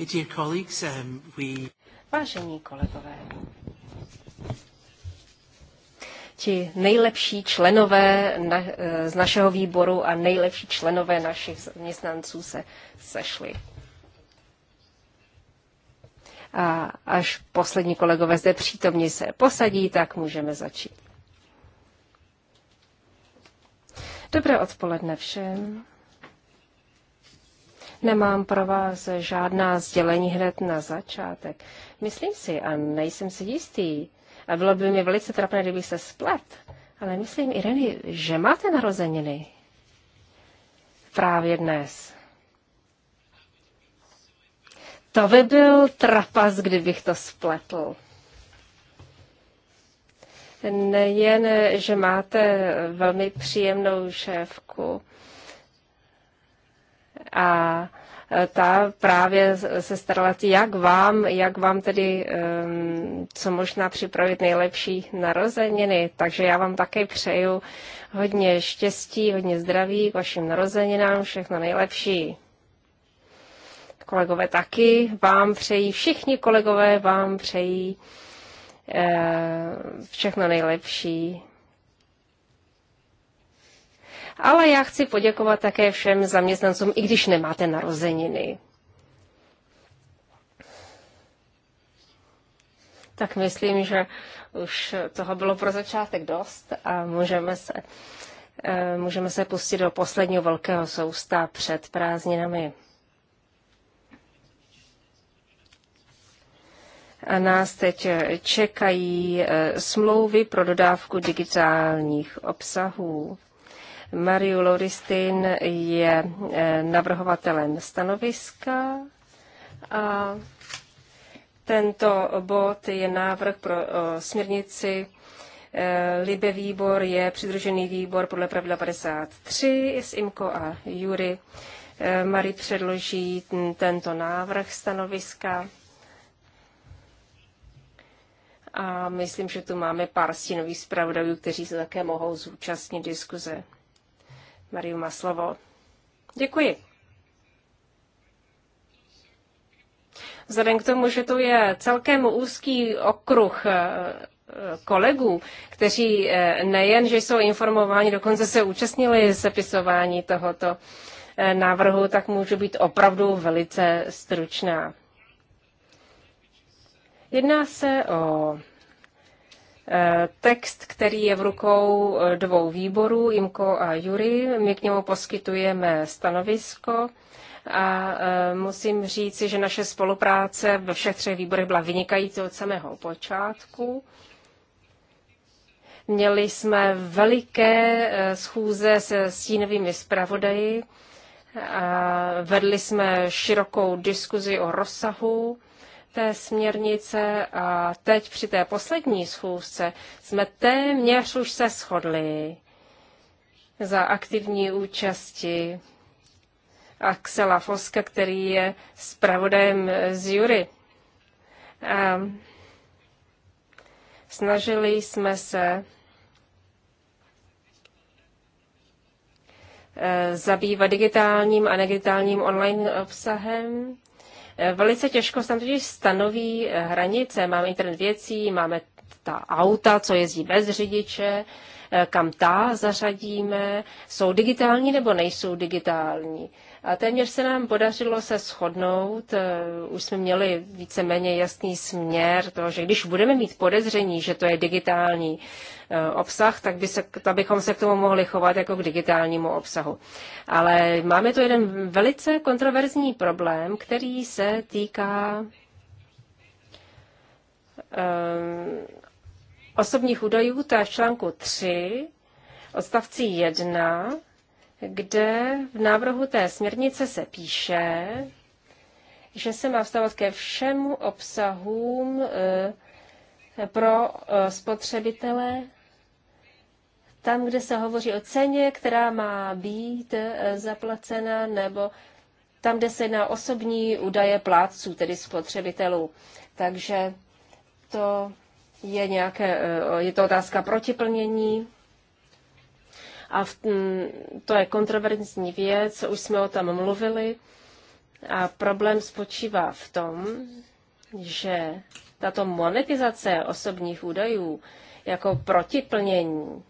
Um, Vážení kolegové, ti nejlepší členové na, eh, z našeho výboru a nejlepší členové našich zaměstnanců se sešli. A až poslední kolegové zde přítomně se posadí, tak můžeme začít. Dobré odpoledne všem. Nemám pro vás žádná sdělení hned na začátek. Myslím si, a nejsem si jistý, a bylo by mi velice trapné, kdyby se splet, ale myslím, Ireny, že máte narozeniny. Právě dnes. To by byl trapas, kdybych to spletl. Nejen, že máte velmi příjemnou šéfku, a e, ta právě se starala, jak vám, jak vám tedy co možná připravit nejlepší narozeniny. Takže já vám také přeju hodně štěstí, hodně zdraví k vašim narozeninám, všechno nejlepší. Kolegové taky vám přejí, všichni kolegové vám přejí e, všechno nejlepší ale já chci poděkovat také všem zaměstnancům, i když nemáte narozeniny. Tak myslím, že už toho bylo pro začátek dost a můžeme se, eh, můžeme se pustit do posledního velkého sousta před prázdninami. A nás teď čekají eh, smlouvy pro dodávku digitálních obsahů. Mariu Lauristin je eh, navrhovatelem stanoviska a tento bod je návrh pro směrnici eh, Libe výbor je přidružený výbor podle pravidla 53 s IMKO a Jury. Eh, Mari předloží tento návrh stanoviska. A myslím, že tu máme pár stínových zpravodajů, kteří se také mohou zúčastnit diskuze. Mariu má slovo. Děkuji. Vzhledem k tomu, že to je celkem úzký okruh eh, kolegů, kteří eh, nejen, že jsou informováni, dokonce se účastnili zapisování tohoto eh, návrhu, tak můžu být opravdu velice stručná. Jedná se o Eh, text, který je v rukou eh, dvou výborů, IMKO a Jury. My k němu poskytujeme stanovisko a eh, musím říci, že naše spolupráce ve všech třech výborech byla vynikající od samého počátku. Měli jsme veliké schůze se stínovými zpravodaji a vedli jsme širokou diskuzi o rozsahu té směrnice a teď při té poslední schůzce jsme téměř už se shodli za aktivní účasti Axela Foska, který je zpravodajem z Jury. A snažili jsme se eh, zabývat digitálním a digitálním online obsahem Eh, velice těžko se tam totiž stanoví eh, hranice. Máme internet věcí, máme ta auta, co jezdí bez řidiče, eh, kam ta zařadíme, jsou digitální nebo nejsou digitální. A téměř se nám podařilo se shodnout, eh, už jsme měli víceméně jasný směr toho, že když budeme mít podezření, že to je digitální eh, obsah, tak by se, bychom se k tomu mohli chovat jako k digitálnímu obsahu. Ale máme tu jeden velice kontroverzní problém, který se týká eh, osobních údajů, to je v článku 3, odstavci 1, kde v návrhu té směrnice se píše, že se má vztahovat ke všemu obsahům eh, pro eh, spotřebitele, tam, kde se hovoří o ceně, která má být eh, zaplacena, nebo tam, kde se na osobní údaje plátců, tedy spotřebitelů. Takže to je, nějaké, je to otázka protiplnění a v, to je kontroverzní věc, už jsme o tom mluvili. A problém spočívá v tom, že tato monetizace osobních údajů jako protiplnění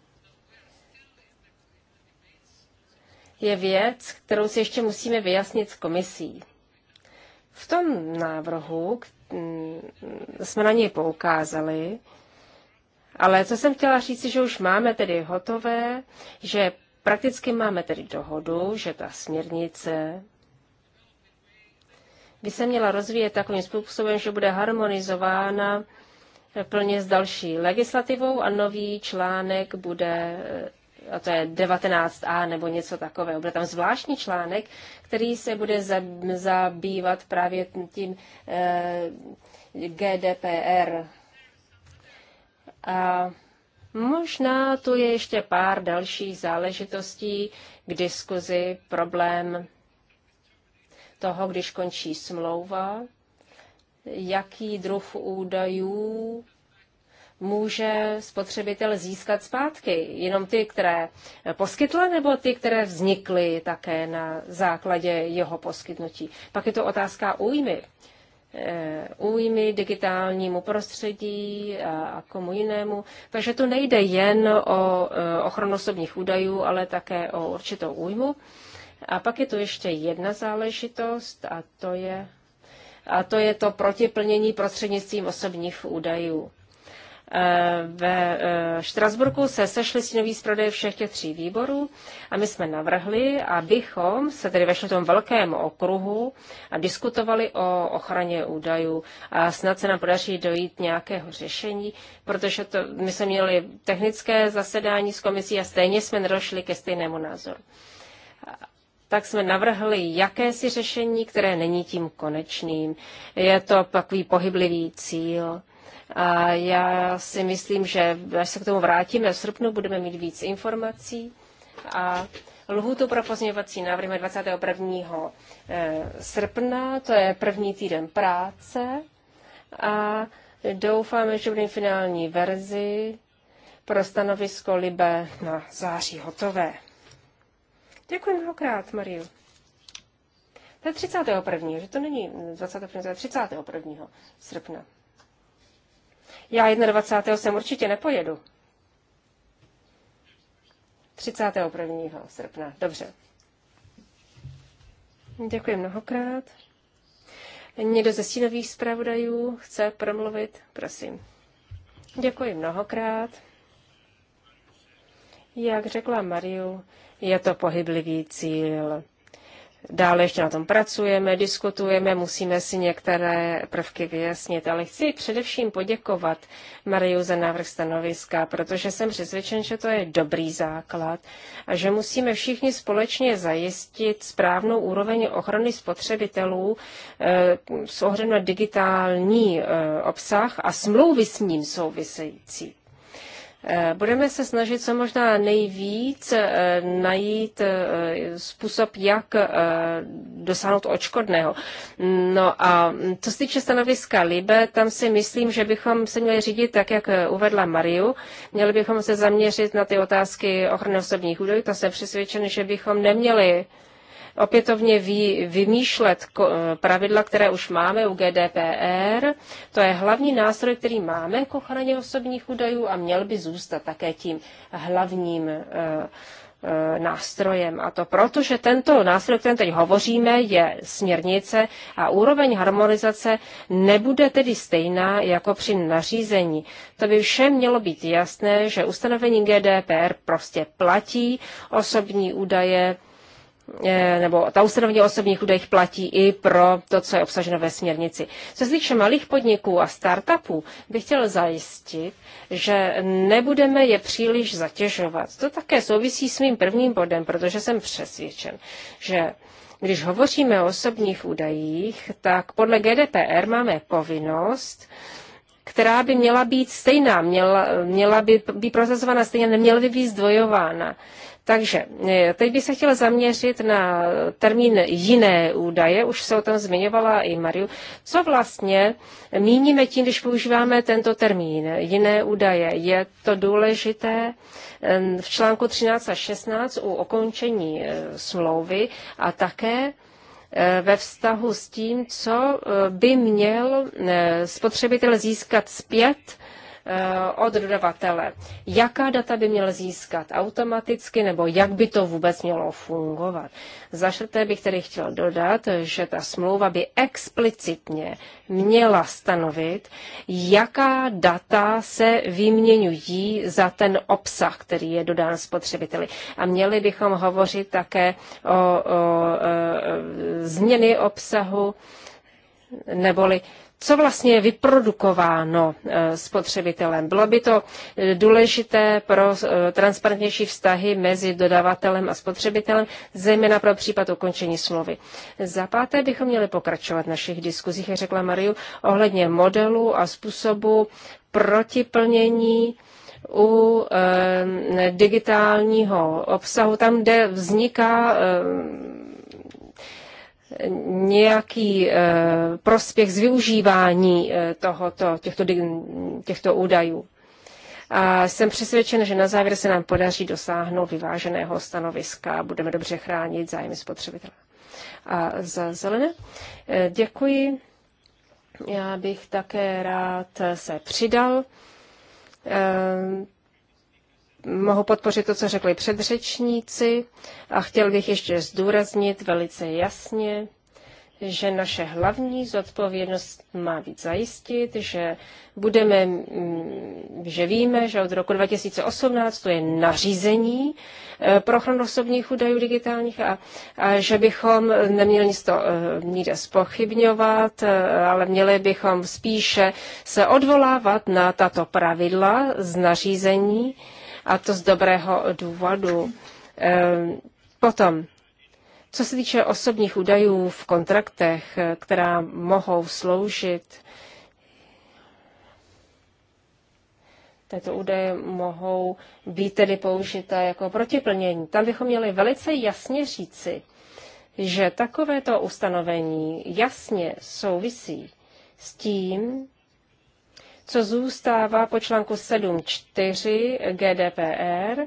je věc, kterou si ještě musíme vyjasnit s komisí. V tom návrhu jsme na něj poukázali, ale co jsem chtěla říct, že už máme tedy hotové, že prakticky máme tedy dohodu, že ta směrnice by se měla rozvíjet takovým způsobem, že bude harmonizována plně s další legislativou a nový článek bude, a to je 19a nebo něco takového, bude tam zvláštní článek, který se bude zabývat právě tím eh, GDPR, a možná tu je ještě pár dalších záležitostí k diskuzi, problém toho, když končí smlouva, jaký druh údajů může spotřebitel získat zpátky? Jenom ty, které poskytl, nebo ty, které vznikly také na základě jeho poskytnutí? Pak je to otázka újmy. Eh, újmy, digitálnímu prostředí a komu jinému. Takže to nejde jen o eh, ochranu osobních údajů, ale také o určitou újmu. A pak je tu ještě jedna záležitost a to je, a to, je to protiplnění prostřednictvím osobních údajů. Eh, ve eh, Štrasburku se sešli stínoví zprodej všech těch tří výborů a my jsme navrhli, abychom se tedy vešli v tom velkém okruhu a diskutovali o ochraně údajů a snad se nám podaří dojít nějakého řešení, protože to, my jsme měli technické zasedání s komisí a stejně jsme nedošli ke stejnému názoru tak jsme navrhli jakési řešení, které není tím konečným. Je to takový pohyblivý cíl. A já si myslím, že až se k tomu vrátíme v srpnu, budeme mít víc informací. A lhůtu pro pozměňovací návrhy 21. Eh, srpna, to je první týden práce. A doufáme, že budeme finální verzi pro stanovisko Libe na září hotové. Děkuji mnohokrát, Mariu. To je 31. že to není 21. to je 31. srpna. Já 21. sem určitě nepojedu. 31. srpna, dobře. Děkuji mnohokrát. Někdo ze stínových zpravodajů chce promluvit? Prosím. Děkuji mnohokrát. Jak řekla Mariu, je to pohyblivý cíl. Dále ještě na tom pracujeme, diskutujeme, musíme si některé prvky vyjasnit, ale chci především poděkovat Mariu za návrh stanoviska, protože jsem přesvědčen, že to je dobrý základ a že musíme všichni společně zajistit správnou úroveň ochrany spotřebitelů eh, s ohledem na digitální eh, obsah a smlouvy s ním související. Eh, budeme se snažit co možná nejvíc eh, najít eh, způsob, jak dosáhnout očkodného. No a mm, co se týče stanoviska Libe, tam si myslím, že bychom se měli řídit tak, jak uvedla Mariu. Měli bychom se zaměřit na ty otázky ochrany osobních údajů. To jsem přesvědčen, že bychom neměli opětovně vy, vymýšlet eh, pravidla, které už máme u GDPR. To je hlavní nástroj, který máme k ochraně osobních údajů a měl by zůstat také tím hlavním eh, eh, nástrojem. A to proto, že tento nástroj, o kterém teď hovoříme, je směrnice a úroveň harmonizace nebude tedy stejná jako při nařízení. To by všem mělo být jasné, že ustanovení GDPR prostě platí, osobní údaje Eh, nebo ta ustanovení o osobních údajích platí i pro to, co je obsaženo ve směrnici. Co se týče malých podniků a startupů, bych chtěl zajistit, že nebudeme je příliš zatěžovat. To také souvisí s mým prvním bodem, protože jsem přesvědčen, že když hovoříme o osobních údajích, tak podle GDPR máme povinnost která by měla být stejná, měla, měla by být procesována stejně, neměla by být zdvojována. Takže eh, teď bych se chtěla zaměřit na termín jiné údaje, už se o tom zmiňovala i Mariu. Co vlastně míníme tím, když používáme tento termín, jiné údaje? Je to důležité v článku 13 a 16 u okončení eh, smlouvy a také eh, ve vztahu s tím, co by měl spotřebitel získat zpět Eh, od dodavatele. Jaká data by měl získat automaticky nebo jak by to vůbec mělo fungovat? Za čtvrté bych tedy chtěl dodat, že ta smlouva by explicitně měla stanovit, jaká data se vyměňují za ten obsah, který je dodán spotřebiteli. A měli bychom hovořit také o, o, o e, změny obsahu, neboli co vlastně je vyprodukováno eh, spotřebitelem. Bylo by to eh, důležité pro eh, transparentnější vztahy mezi dodavatelem a spotřebitelem, zejména pro případ ukončení smlouvy. Za páté bychom měli pokračovat v našich diskuzích, jak řekla Mariu, ohledně modelu a způsobu protiplnění u e, digitálního obsahu, tam, kde vzniká e, nějaký eh, prospěch z využívání eh, tohoto, těchto, těchto údajů. A jsem přesvědčen, že na závěr se nám podaří dosáhnout vyváženého stanoviska a budeme dobře chránit zájmy spotřebitele. A za zelené eh, děkuji. Já bych také rád se přidal mohu podpořit to, co řekli předřečníci a chtěl bych ještě zdůraznit velice jasně, že naše hlavní zodpovědnost má být zajistit, že budeme, mm, že víme, že od roku 2018 to je nařízení eh, pro ochranu osobních údajů digitálních a, a že bychom neměli nic to nikde eh, spochybňovat, eh, ale měli bychom spíše se odvolávat na tato pravidla z nařízení, a to z dobrého důvodu. Ehm, potom, co se týče osobních údajů v kontraktech, eh, která mohou sloužit, tyto údaje mohou být tedy použité jako protiplnění. Tam bychom měli velice jasně říci, že takovéto ustanovení jasně souvisí s tím, co zůstává po článku 7.4 GDPR,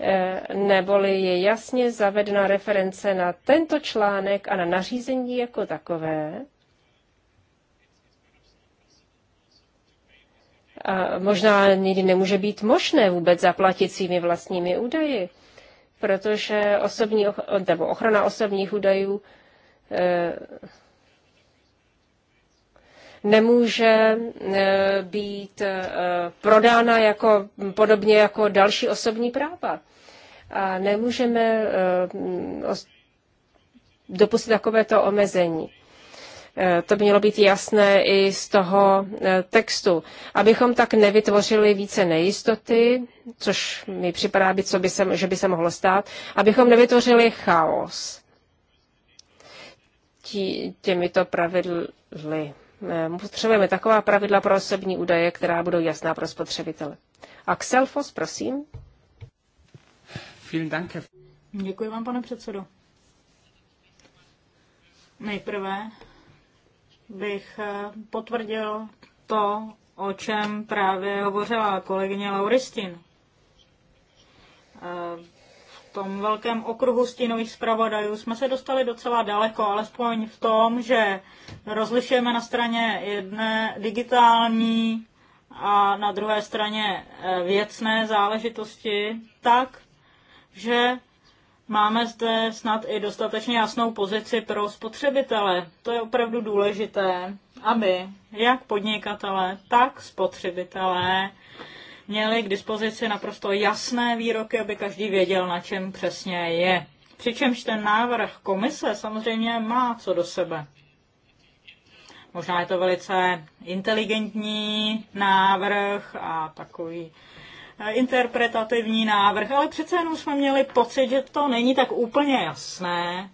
eh, neboli je jasně zavedena reference na tento článek a na nařízení jako takové. A možná nikdy nemůže být možné vůbec zaplatit svými vlastními údaji, protože osobní, nebo ochrana osobních údajů eh, nemůže eh, být eh, prodána jako, podobně jako další osobní práva. A nemůžeme eh, dopustit takovéto omezení. To by mělo být jasné i z toho textu. Abychom tak nevytvořili více nejistoty, což mi připadá být, co by se, že by se mohlo stát, abychom nevytvořili chaos těmito pravidly. Ehm, potřebujeme taková pravidla pro osobní údaje, která budou jasná pro spotřebitele. Axel Selfos, prosím. Vielen Dank. Děkuji vám, pane předsedo. Nejprve bych eh, potvrdil to, o čem právě hovořila kolegyně Lauristin. Ehm, tom velkém okruhu stínových zpravodajů jsme se dostali docela daleko, alespoň v tom, že rozlišujeme na straně jedné digitální a na druhé straně eh, věcné záležitosti tak, že máme zde snad i dostatečně jasnou pozici pro spotřebitele. To je opravdu důležité, aby jak podnikatele, tak spotřebitelé měli k dispozici naprosto jasné výroky, aby každý věděl, na čem přesně je. Přičemž ten návrh komise samozřejmě má co do sebe. Možná je to velice inteligentní návrh a takový eh, interpretativní návrh, ale přece jenom jsme měli pocit, že to není tak úplně jasné,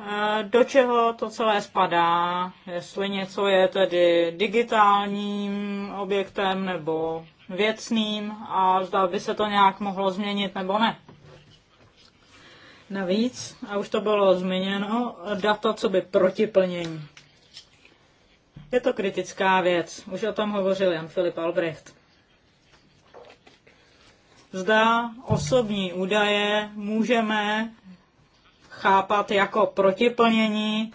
Eh, do čeho to celé spadá, jestli něco je tedy digitálním objektem nebo věcným a zda by se to nějak mohlo změnit nebo ne. Navíc, a už to bylo zmíněno, data co by protiplnění. Je to kritická věc. Už o tom hovořil Jan Filip Albrecht. Zda osobní údaje můžeme chápat jako protiplnění,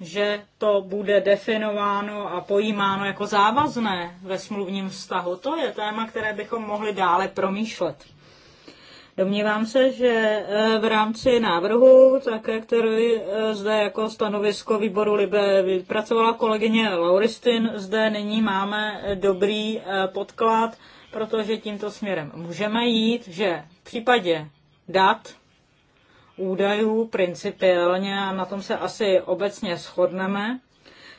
že to bude definováno a pojímáno jako závazné ve smluvním vztahu. To je téma, které bychom mohli dále promýšlet. Domnívám se, že e, v rámci návrhu, také který e, zde jako stanovisko výboru Libe vypracovala kolegyně Lauristin, zde nyní máme dobrý e, podklad, protože tímto směrem můžeme jít, že v případě dat údajů principiálně a na tom se asi obecně shodneme,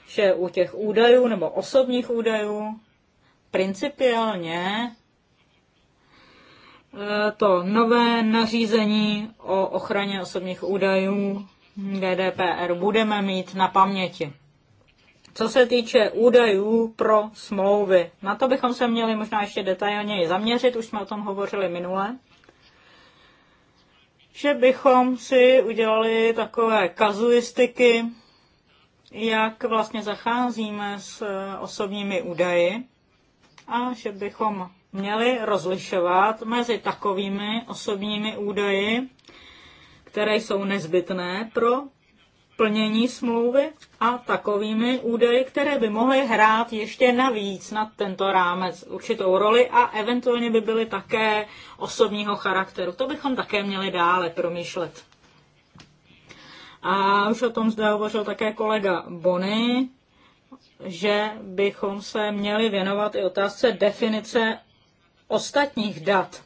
že u těch údajů nebo osobních údajů principiálně eh, to nové nařízení o ochraně osobních údajů GDPR budeme mít na paměti. Co se týče údajů pro smlouvy, na to bychom se měli možná ještě detailněji zaměřit, už jsme o tom hovořili minule že bychom si udělali takové kazuistiky, jak vlastně zacházíme s eh, osobními údaji a že bychom měli rozlišovat mezi takovými osobními údaji, které jsou nezbytné pro plnění smlouvy a takovými údaji, které by mohly hrát ještě navíc nad tento rámec určitou roli a eventuálně by byly také osobního charakteru. To bychom také měli dále promýšlet. A už o tom zde hovořil také kolega Bony, že bychom se měli věnovat i otázce definice ostatních dat.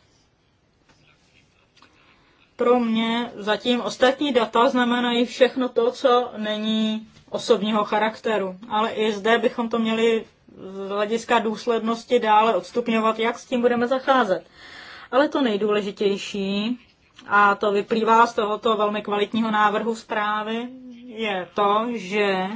Pro mě zatím ostatní data znamenají všechno to, co není osobního charakteru. Ale i zde bychom to měli z hlediska důslednosti dále odstupňovat, jak s tím budeme zacházet. Ale to nejdůležitější, a to vyplývá z tohoto velmi kvalitního návrhu zprávy, je to, že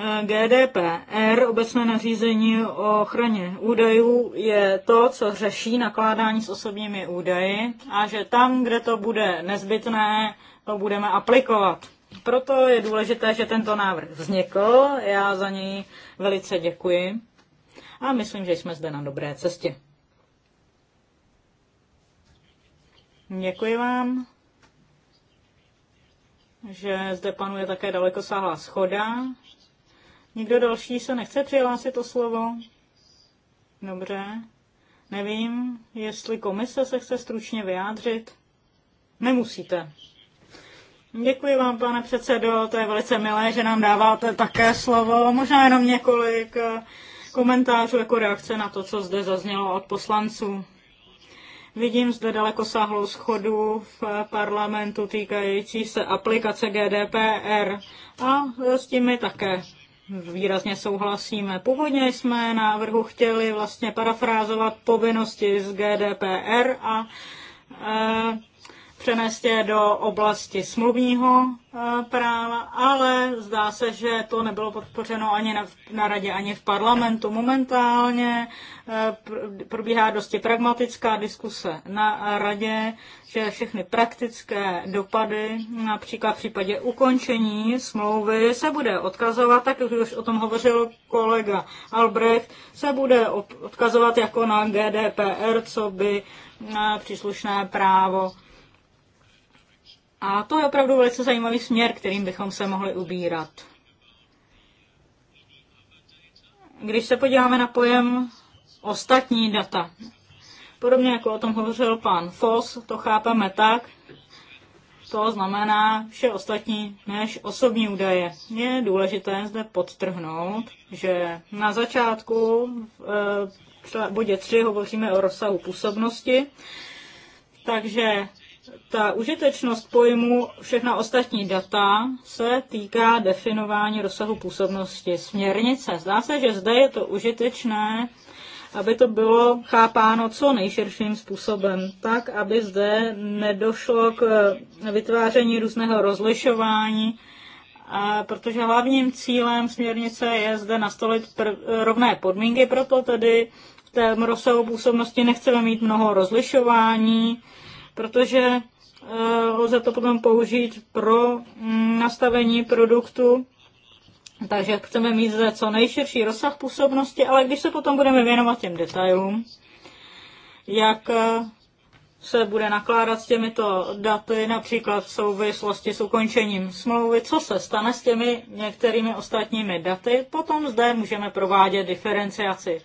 Eh, GDPR, obecné nařízení o ochraně údajů, je to, co řeší nakládání s osobními údaji a že tam, kde to bude nezbytné, to budeme aplikovat. Proto je důležité, že tento návrh vznikl, já za něj velice děkuji a myslím, že jsme zde na dobré cestě. Děkuji vám, že zde panuje také dalekosáhlá schoda, Nikdo další se nechce přihlásit o slovo? Dobře. Nevím, jestli komise se chce stručně vyjádřit. Nemusíte. Děkuji vám, pane předsedo, to je velice milé, že nám dáváte také slovo. Možná jenom několik eh, komentářů jako reakce na to, co zde zaznělo od poslanců. Vidím zde daleko sáhlou schodu v parlamentu týkající se aplikace GDPR a s tím my také výrazně souhlasíme. Původně jsme návrhu chtěli vlastně parafrázovat povinnosti z GDPR a eh, přenést je do oblasti smluvního eh, práva, ale zdá se, že to nebylo podpořeno ani na, na radě, ani v parlamentu. Momentálně eh, probíhá dosti pragmatická diskuse na radě, že všechny praktické dopady, například v případě ukončení smlouvy, se bude odkazovat, tak jak už o tom hovořil kolega Albrecht, se bude odkazovat jako na GDPR, co by eh, příslušné právo a to je opravdu velice zajímavý směr, kterým bychom se mohli ubírat. Když se podíváme na pojem ostatní data, podobně jako o tom hovořil pan Foss, to chápeme tak, to znamená vše ostatní než osobní údaje. Je důležité zde podtrhnout, že na začátku v e, bodě 3 hovoříme o rozsahu působnosti, takže ta užitečnost pojmu všechna ostatní data se týká definování rozsahu působnosti směrnice. Zdá se, že zde je to užitečné, aby to bylo chápáno co nejširším způsobem, tak aby zde nedošlo k vytváření různého rozlišování, protože hlavním cílem směrnice je zde nastolit rovné podmínky, proto tedy v té rozsahu působnosti nechceme mít mnoho rozlišování, protože eh, lze to potom použít pro mm, nastavení produktu. Takže chceme mít zde co nejširší rozsah působnosti, ale když se potom budeme věnovat těm detailům, jak eh, se bude nakládat s těmito daty, například v souvislosti s ukončením smlouvy, co se stane s těmi některými ostatními daty, potom zde můžeme provádět diferenciaci.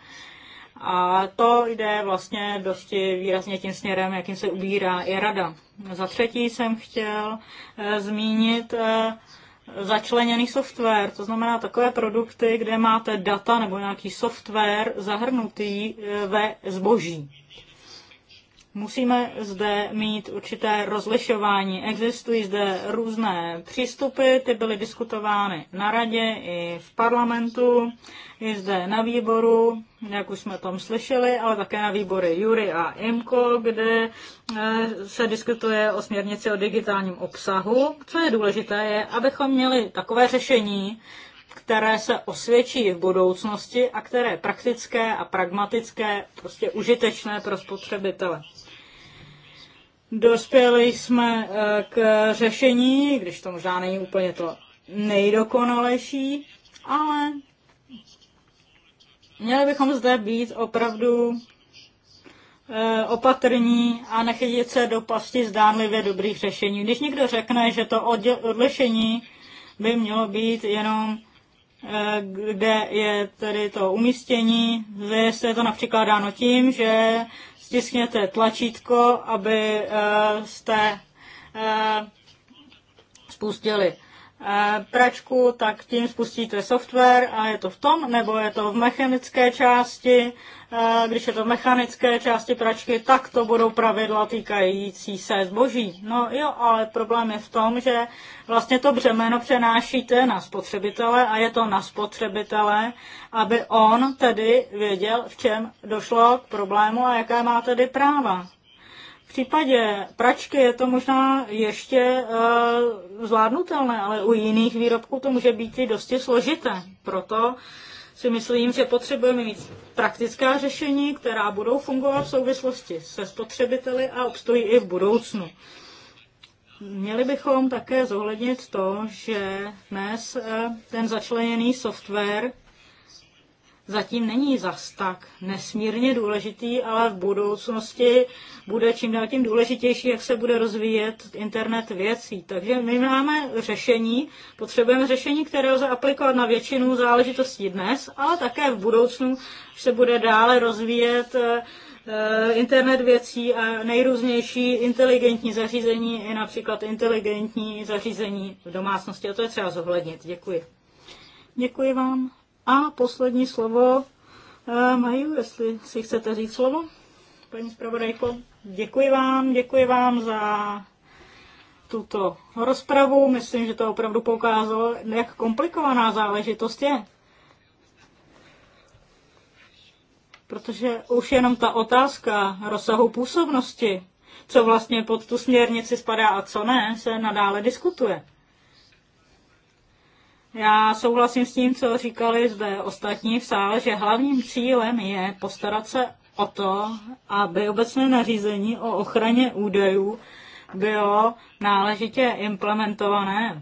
A to jde vlastně dosti výrazně tím směrem, jakým se ubírá i rada. Za třetí jsem chtěl eh, zmínit eh, začleněný software, to znamená takové produkty, kde máte data nebo nějaký software zahrnutý eh, ve zboží. Musíme zde mít určité rozlišování. Existují zde různé přístupy, ty byly diskutovány na radě i v parlamentu, i zde na výboru, jak už jsme tom slyšeli, ale také na výbory Jury a IMCO, kde eh, se diskutuje o směrnici o digitálním obsahu. Co je důležité, je, abychom měli takové řešení, které se osvědčí v budoucnosti a které praktické a pragmatické, prostě užitečné pro spotřebitele. Dospěli jsme eh, k řešení, když to možná není úplně to nejdokonalejší, ale měli bychom zde být opravdu eh, opatrní a nechytit se do pasti zdánlivě dobrých řešení. Když někdo řekne, že to odlišení by mělo být jenom eh, kde je tedy to umístění, že je to například dáno tím, že stiskněte tlačítko, aby eh, jste eh, spustili Eh, pračku, tak tím spustíte software a je to v tom, nebo je to v mechanické části. Eh, když je to v mechanické části pračky, tak to budou pravidla týkající se zboží. No jo, ale problém je v tom, že vlastně to břemeno přenášíte na spotřebitele a je to na spotřebitele, aby on tedy věděl, v čem došlo k problému a jaké má tedy práva případě pračky je to možná ještě uh, zvládnutelné, ale u jiných výrobků to může být i dosti složité. Proto si myslím, že potřebujeme mít praktická řešení, která budou fungovat v souvislosti se spotřebiteli a obstojí i v budoucnu. Měli bychom také zohlednit to, že dnes eh, ten začleněný software zatím není zas tak nesmírně důležitý, ale v budoucnosti bude čím dál tím důležitější, jak se bude rozvíjet internet věcí. Takže my máme řešení, potřebujeme řešení, které lze aplikovat na většinu záležitostí dnes, ale také v budoucnu, se bude dále rozvíjet eh, eh, internet věcí a nejrůznější inteligentní zařízení, i například inteligentní zařízení v domácnosti. A to je třeba zohlednit. Děkuji. Děkuji vám. A poslední slovo eh, mají, jestli si chcete říct slovo. Paní zpravodajko, děkuji vám, děkuji vám za tuto rozpravu. Myslím, že to opravdu poukázalo, jak komplikovaná záležitost je. Protože už jenom ta otázka rozsahu působnosti, co vlastně pod tu směrnici spadá a co ne, se nadále diskutuje. Já souhlasím s tím, co říkali zde ostatní v sále, že hlavním cílem je postarat se o to, aby obecné nařízení o ochraně údajů bylo náležitě implementované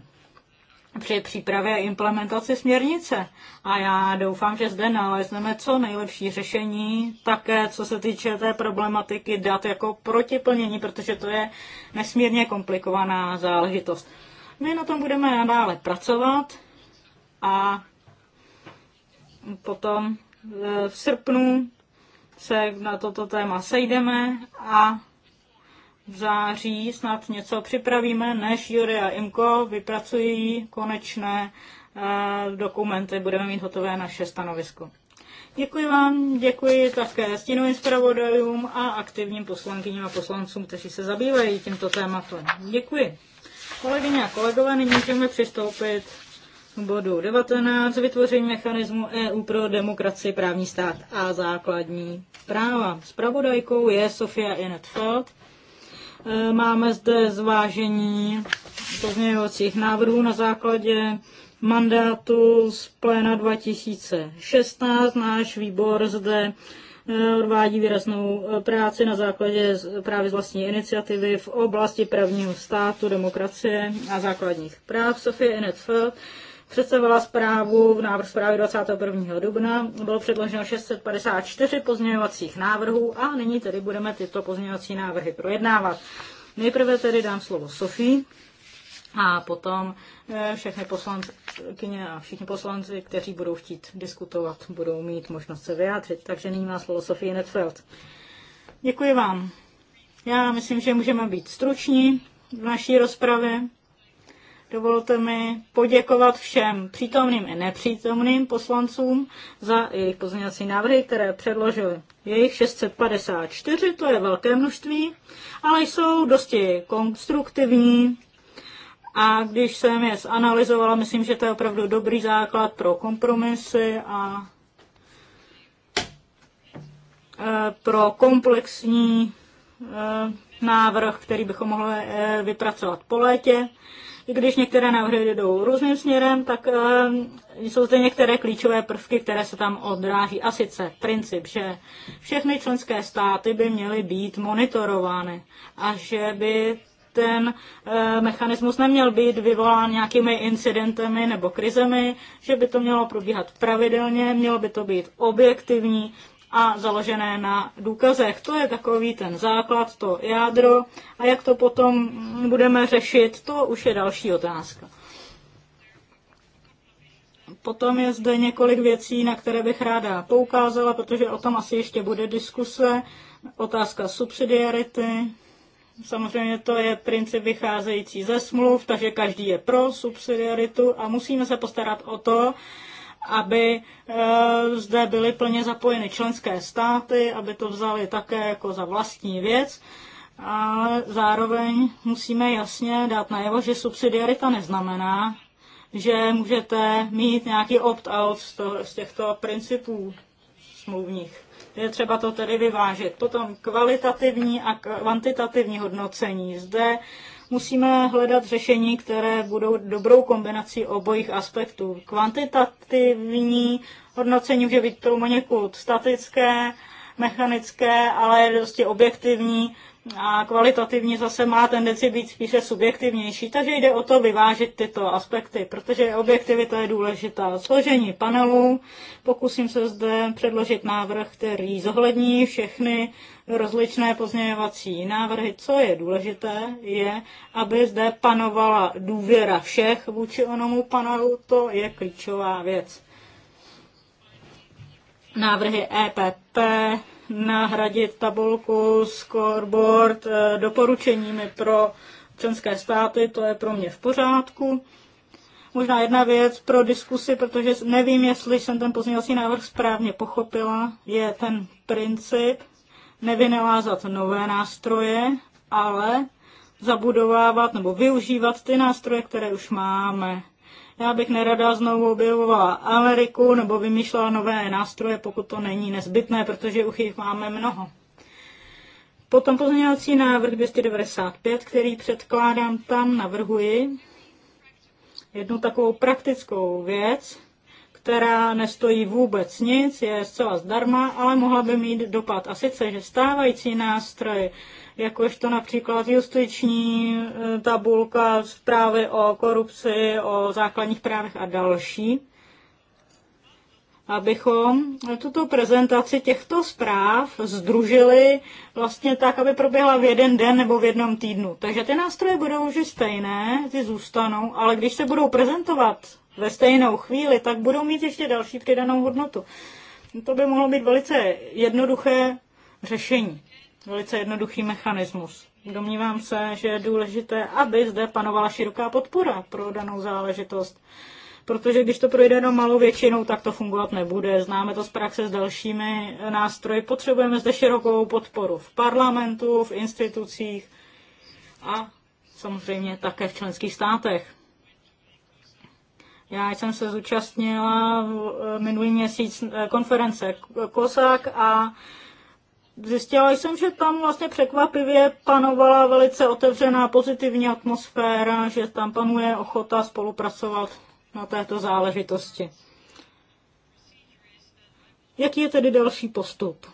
při přípravě a implementaci směrnice. A já doufám, že zde nalezneme co nejlepší řešení, také co se týče té problematiky dat jako protiplnění, protože to je nesmírně komplikovaná záležitost. My na tom budeme nadále pracovat, a potom e, v srpnu se na toto téma sejdeme a v září snad něco připravíme, než Jury a Imko vypracují konečné e, dokumenty, budeme mít hotové naše stanovisko. Děkuji vám, děkuji také stínovým zpravodajům a aktivním poslankyním a poslancům, kteří se zabývají tímto tématem. Děkuji. Kolegyně a kolegové, nyní můžeme přistoupit bodu 19 vytvoření mechanismu EU pro demokracii, právní stát a základní práva. Spravodajkou je Sofia Inetfeld. E, máme zde zvážení pozměňovacích návrhů na základě mandátu z pléna 2016. Náš výbor zde e, odvádí výraznou e, práci na základě právě z vlastní iniciativy v oblasti právního státu, demokracie a základních práv. Sofie Inetfeld představila zprávu v návrh zprávy 21. dubna. Bylo předloženo 654 pozměňovacích návrhů a nyní tedy budeme tyto pozměňovací návrhy projednávat. Nejprve tedy dám slovo Sofii a potom eh, všechny poslankyně a všichni poslanci, kteří budou chtít diskutovat, budou mít možnost se vyjádřit. Takže nyní má slovo Sofie Netfeld. Děkuji vám. Já myslím, že můžeme být struční v naší rozpravě. Dovolte mi poděkovat všem přítomným i nepřítomným poslancům za jejich pozměňovací návrhy, které předložili. Je jich 654, to je velké množství, ale jsou dosti konstruktivní a když jsem je zanalizovala, myslím, že to je opravdu dobrý základ pro kompromisy a e, pro komplexní e, návrh, který bychom mohli e, vypracovat po létě. I když některé návrhy jdou různým směrem, tak ehm, jsou zde některé klíčové prvky, které se tam odráží. A sice princip, že všechny členské státy by měly být monitorovány a že by ten e, mechanismus neměl být vyvolán nějakými incidentemi nebo krizemi, že by to mělo probíhat pravidelně, mělo by to být objektivní a založené na důkazech. To je takový ten základ, to jádro a jak to potom budeme řešit, to už je další otázka. Potom je zde několik věcí, na které bych ráda poukázala, protože o tom asi ještě bude diskuse. Otázka subsidiarity. Samozřejmě to je princip vycházející ze smluv, takže každý je pro subsidiaritu a musíme se postarat o to, aby eh, zde byly plně zapojeny členské státy, aby to vzali také jako za vlastní věc. A zároveň musíme jasně dát najevo, že subsidiarita neznamená, že můžete mít nějaký opt-out z, z těchto principů smluvních. Je třeba to tedy vyvážit. Potom kvalitativní a kvantitativní hodnocení. Zde musíme hledat řešení, které budou dobrou kombinací obojích aspektů. Kvantitativní hodnocení může být pro někud statické, mechanické, ale je dosti objektivní a kvalitativní zase má tendenci být spíše subjektivnější, takže jde o to vyvážit tyto aspekty, protože objektivita je důležitá. Složení panelů, pokusím se zde předložit návrh, který zohlední všechny rozličné pozměňovací návrhy. Co je důležité, je, aby zde panovala důvěra všech vůči onomu panelu, to je klíčová věc. Návrhy EPP, nahradit tabulku scoreboard eh, doporučeními pro členské státy, to je pro mě v pořádku. Možná jedna věc pro diskusi, protože nevím, jestli jsem ten pozměňovací návrh správně pochopila, je ten princip, nevynalázat nové nástroje, ale zabudovávat nebo využívat ty nástroje, které už máme. Já bych nerada znovu objevovala Ameriku nebo vymýšlela nové nástroje, pokud to není nezbytné, protože už jich máme mnoho. Potom pozměňovací návrh 295, který předkládám, tam navrhuji jednu takovou praktickou věc, která nestojí vůbec nic, je zcela zdarma, ale mohla by mít dopad. A sice, že stávající nástroje, jakožto například justiční e, tabulka, zprávy o korupci, o základních právech a další, abychom tuto prezentaci těchto zpráv združili vlastně tak, aby proběhla v jeden den nebo v jednom týdnu. Takže ty nástroje budou už stejné, ty zůstanou, ale když se budou prezentovat ve stejnou chvíli, tak budou mít ještě další přidanou hodnotu. To by mohlo být velice jednoduché řešení, velice jednoduchý mechanismus. Domnívám se, že je důležité, aby zde panovala široká podpora pro danou záležitost. Protože když to projde jenom malou většinou, tak to fungovat nebude. Známe to z praxe s dalšími nástroji. Potřebujeme zde širokou podporu v parlamentu, v institucích a samozřejmě také v členských státech. Já jsem se zúčastnila eh, minulý měsíc eh, konference Kosák a zjistila jsem, že tam vlastně překvapivě panovala velice otevřená pozitivní atmosféra, že tam panuje ochota spolupracovat na této záležitosti. Jaký je tedy další postup?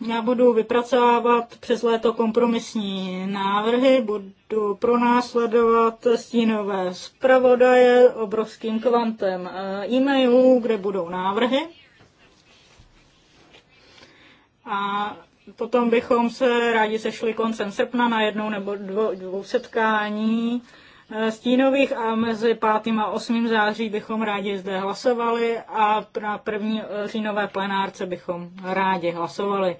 Já budu vypracovávat přes léto kompromisní návrhy, budu pronásledovat stínové zpravodaje obrovským kvantem eh, e-mailů, kde budou návrhy. A potom bychom se rádi sešli koncem srpna na jednou nebo dvou, dvou setkání Eh, stínových a mezi 5. a 8. září bychom rádi zde hlasovali a na první eh, říjnové plenárce bychom rádi hlasovali.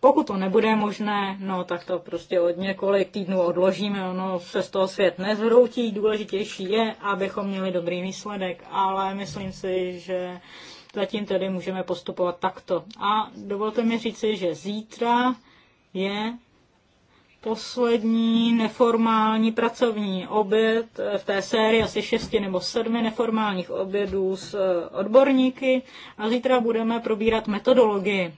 Pokud to nebude možné, no tak to prostě od několik týdnů odložíme, ono se z toho svět nezhroutí, důležitější je, abychom měli dobrý výsledek, ale myslím si, že zatím tedy můžeme postupovat takto. A dovolte mi říci, že zítra je poslední neformální pracovní oběd v té sérii asi šesti nebo sedmi neformálních obědů s eh, odborníky a zítra budeme probírat metodologii.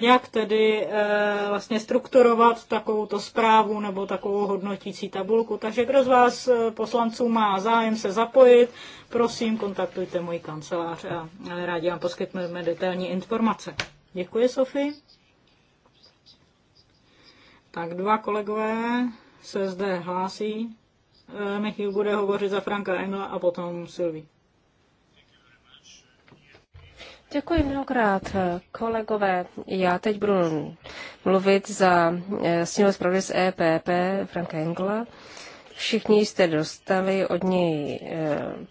Jak tedy eh, vlastně strukturovat takovou zprávu nebo takovou hodnotící tabulku. Takže kdo z vás eh, poslanců má zájem se zapojit, prosím kontaktujte můj kancelář a rádi vám poskytneme detailní informace. Děkuji, Sofie. Tak dva kolegové se zde hlásí. E, Michal bude hovořit za Franka Engla a potom Sylvie. Děkuji mnohokrát, kolegové. Já teď budu mluvit za e, sněmovou zprávy z EPP Franka Engla. Všichni jste dostali od něj e,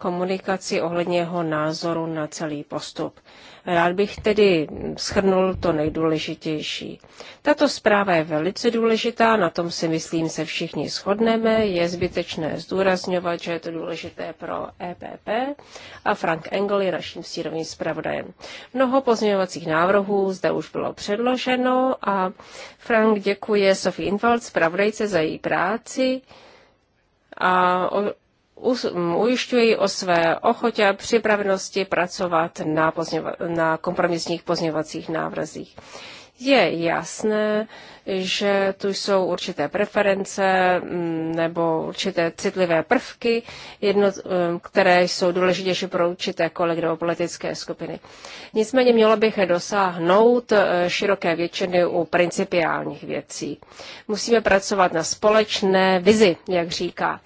komunikaci ohledně jeho názoru na celý postup. Rád bych tedy schrnul to nejdůležitější. Tato zpráva je velice důležitá, na tom si myslím se všichni shodneme, je zbytečné zdůrazňovat, že je to důležité pro EPP a Frank Engel je naším sírovým zpravodajem. Mnoho pozměňovacích návrhů zde už bylo předloženo a Frank děkuje Sofie Infald, zpravodajce, za její práci a ujišťuji o své ochotě a připravenosti pracovat na, pozněva, na kompromisních pozněvacích návrzích. Je jasné, že tu jsou určité preference mm, nebo určité citlivé prvky, jedno, mm, které jsou důležitější pro určité kolegy nebo politické skupiny. Nicméně mělo bych dosáhnout e, široké většiny u principiálních věcí. Musíme pracovat na společné vizi, jak říká,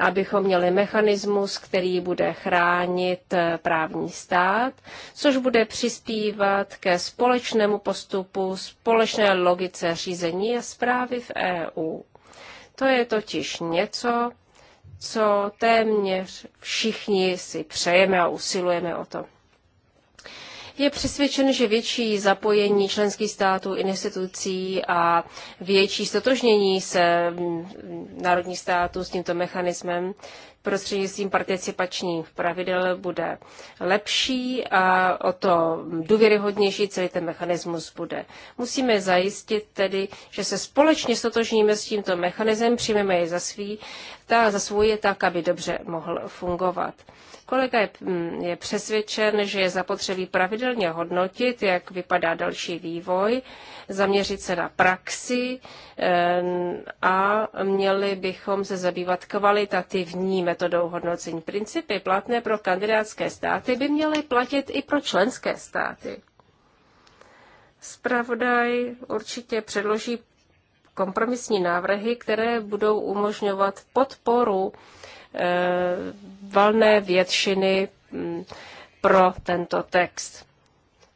abychom měli mechanismus, který bude chránit e, právní stát, což bude přispívat ke společnému postupu, společné logice řízení řízení a zprávy v EU. To je totiž něco, co téměř všichni si přejeme a usilujeme o to. Je přesvědčen, že větší zapojení členských států, institucí a větší stotožnění se národních států s tímto mechanismem prostřednictvím participačních pravidel bude lepší a o to důvěryhodnější celý ten mechanismus bude. Musíme zajistit tedy, že se společně stotožníme s tímto mechanismem, přijmeme jej za svý, ta, za svůj tak, aby dobře mohl fungovat. Kolega je, mm, je přesvědčen, že je zapotřebí pravidelně hodnotit, jak vypadá další vývoj, zaměřit se na praxi a měli bychom se zabývat kvalitativní metodou hodnocení. Principy platné pro kandidátské státy by měly platit i pro členské státy. Spravodaj určitě předloží kompromisní návrhy, které budou umožňovat podporu Eh, valné většiny mm, pro tento text.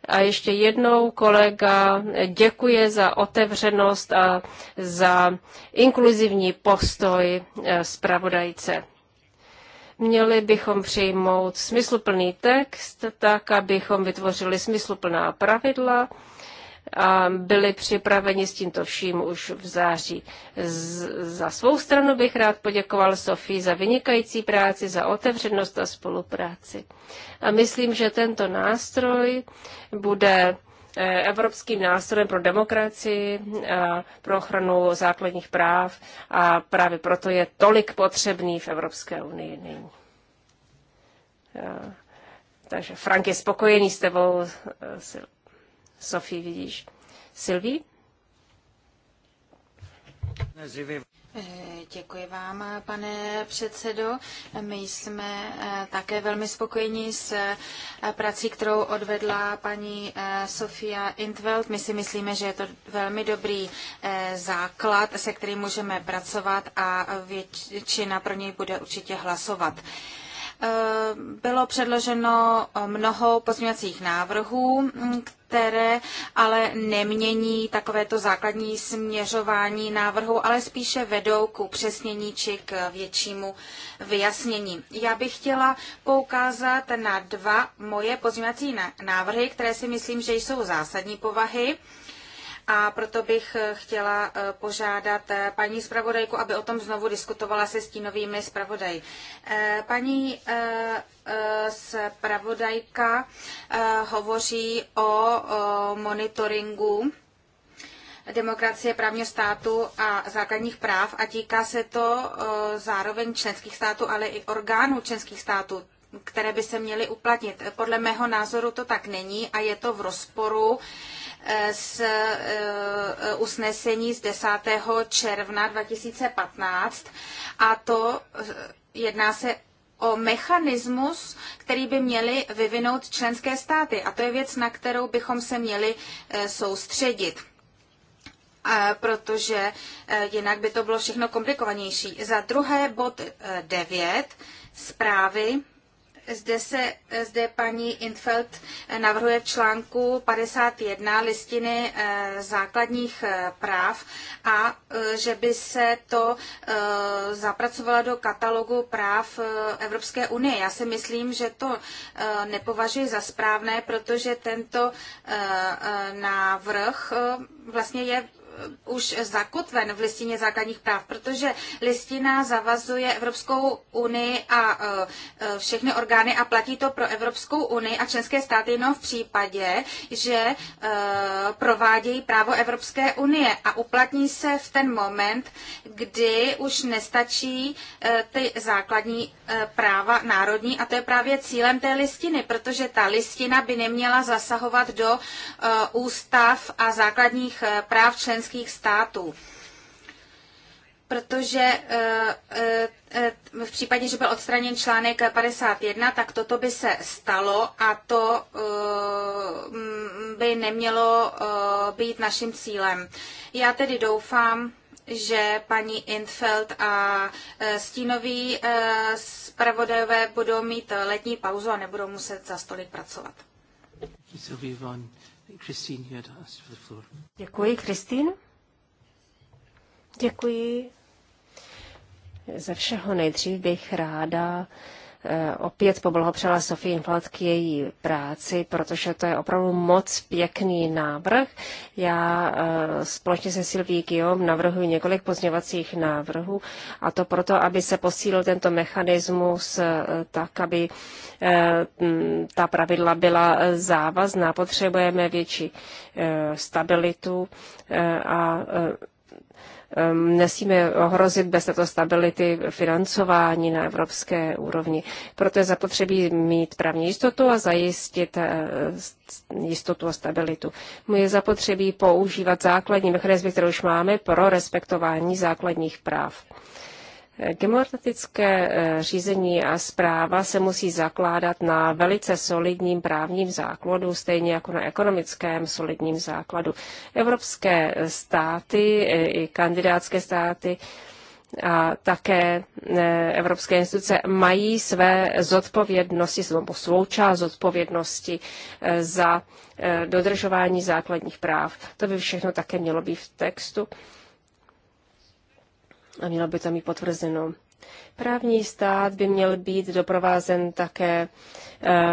A ještě jednou kolega děkuje za otevřenost a za inkluzivní postoj eh, zpravodajce. Měli bychom přijmout smysluplný text, tak abychom vytvořili smysluplná pravidla, a byli připraveni s tímto vším už v září. Z, za svou stranu bych rád poděkoval Sofii za vynikající práci, za otevřenost a spolupráci. A myslím, že tento nástroj bude eh, evropským nástrojem pro demokracii, pro ochranu základních práv a právě proto je tolik potřebný v Evropské unii nyní. Eh, takže Frank je spokojený s tebou, eh, Silvia. Sofie, vidíš. Sylvie? Eh, děkuji vám, pane předsedo. My jsme eh, také velmi spokojeni s eh, prací, kterou odvedla paní Sofia Intveld. My si myslíme, že je to velmi dobrý základ, se kterým můžeme pracovat a většina pro něj bude určitě hlasovat. Eh, bylo předloženo eh, mnoho pozměňovacích návrhů, mm, které ale nemění takovéto základní směřování návrhu, ale spíše vedou k upřesnění či k většímu vyjasnění. Já bych chtěla poukázat na dva moje pozměňovací návrhy, které si myslím, že jsou zásadní povahy a proto bych eh, chtěla eh, požádat eh, paní zpravodajku, aby o tom znovu diskutovala se stínovými zpravodaji. Paní zpravodajka hovoří o monitoringu demokracie, právního státu a základních práv a týká se to zároveň členských států, ale i orgánů členských států které by se měly uplatnit. Podle mého názoru to tak není a je to v rozporu uh, z eh, eh, usnesení z 10. června 2015 a to eh, jedná se o mechanismus, který by měly vyvinout členské státy. A to je věc, na kterou bychom se měli soustředit protože jinak by to bylo všechno komplikovanější. Za druhé bod 9 zprávy zde, se, zde paní Infeld eh, navrhuje v článku 51 listiny eh, základních eh, práv a že by se to zapracovalo do katalogu práv Evropské unie. Já si myslím, že to nepovažuji za správné, protože tento návrh vlastně je už zakotven v listině základních práv, protože listina zavazuje Evropskou unii a e, e, všechny orgány a platí to pro Evropskou unii a členské státy jenom v případě, že e, provádějí právo Evropské unie a uplatní se v ten moment, kdy už nestačí ty základní práva národní a to je právě cílem té listiny, protože ta listina by neměla zasahovat do ústav a základních práv členských členských států protože eh, eh, v případě, že byl odstraněn článek 51, tak toto by se stalo a to eh, by nemělo být naším cílem. Já tedy doufám, že paní Infeld a stínoví zpravodajové budou mít letní pauzu a nebudou muset za stolik pracovat. Děkuji, Kristýn. Děkuji. Ze všeho nejdřív bych ráda Eh, opět poblahopřela Sofii Inflat k její práci, protože to je opravdu moc pěkný návrh. Já eh, společně se Silví Kijom navrhuji několik pozměvacích návrhů a to proto, aby se posílil tento mechanismus eh, tak, aby ta pravidla byla závazná. Potřebujeme větší stabilitu a Ehm, nesmíme ohrozit bez této stability financování na evropské úrovni. Proto je zapotřebí mít právní jistotu a zajistit eh, jistotu a stabilitu. Je zapotřebí používat základní mechanizmy, které už máme pro respektování základních práv. Demokratické eh, řízení a zpráva se musí zakládat na velice solidním právním základu, stejně jako na ekonomickém solidním základu. Evropské státy eh, i kandidátské státy a také eh, evropské instituce mají své zodpovědnosti, nebo svou část zodpovědnosti za dodržování základních práv. To by všechno také mělo být v textu a mělo by to mít potvrzeno. Právní stát by měl být doprovázen také eh,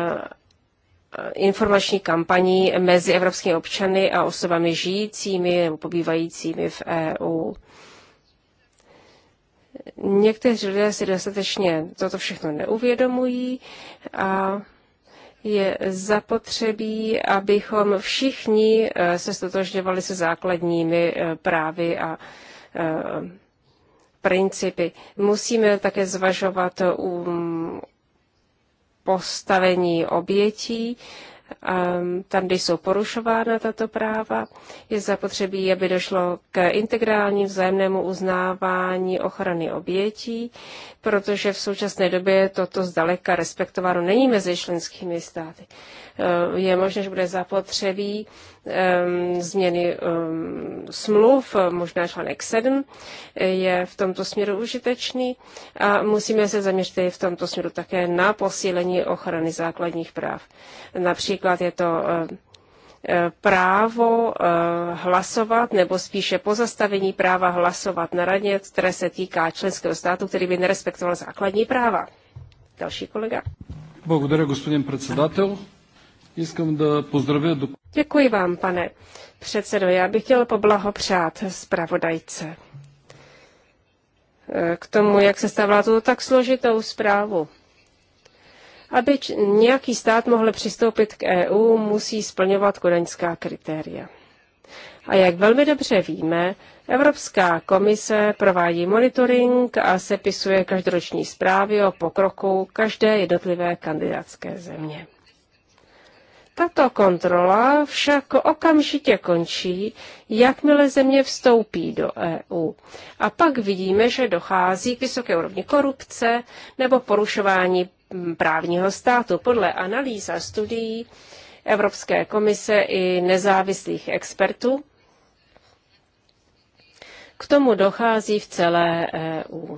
informační kampaní mezi evropskými občany a osobami žijícími nebo pobývajícími v EU. Někteří lidé si dostatečně toto všechno neuvědomují a je zapotřebí, abychom všichni eh, se stotožňovali se základními eh, právy a principy. Musíme také zvažovat um, postavení obětí, um, tam, kde jsou porušována tato práva. Je zapotřebí, aby došlo k integrální vzájemnému uznávání ochrany obětí, protože v současné době toto zdaleka respektováno není mezi členskými státy. Eh, je možné, že bude zapotřebí ehm, změny ehm, smluv, možná článek 7 je v tomto směru užitečný a musíme se zaměřit v tomto směru také na posílení ochrany základních práv. Například je to ehm, eh, právo eh, hlasovat, nebo spíše pozastavení práva hlasovat na radě, které se týká členského státu, který by nerespektoval základní práva. Další kolega. Благодаря, господин председател. Děkuji vám, pane předsedo. Já bych chtěl poblahopřát zpravodajce eh, k tomu, jak se stavila tuto tak složitou zprávu. Aby nějaký stát mohl přistoupit k EU, musí splňovat kodaňská kritéria. A jak velmi dobře víme, Evropská komise provádí monitoring a sepisuje každoroční zprávy o pokroku každé jednotlivé kandidátské země. Tato kontrola však okamžitě končí, jakmile země vstoupí do EU. A pak vidíme, že dochází k vysoké úrovni korupce nebo porušování mm, právního státu. Podle analýz a studií Evropské komise i nezávislých expertů k tomu dochází v celé EU.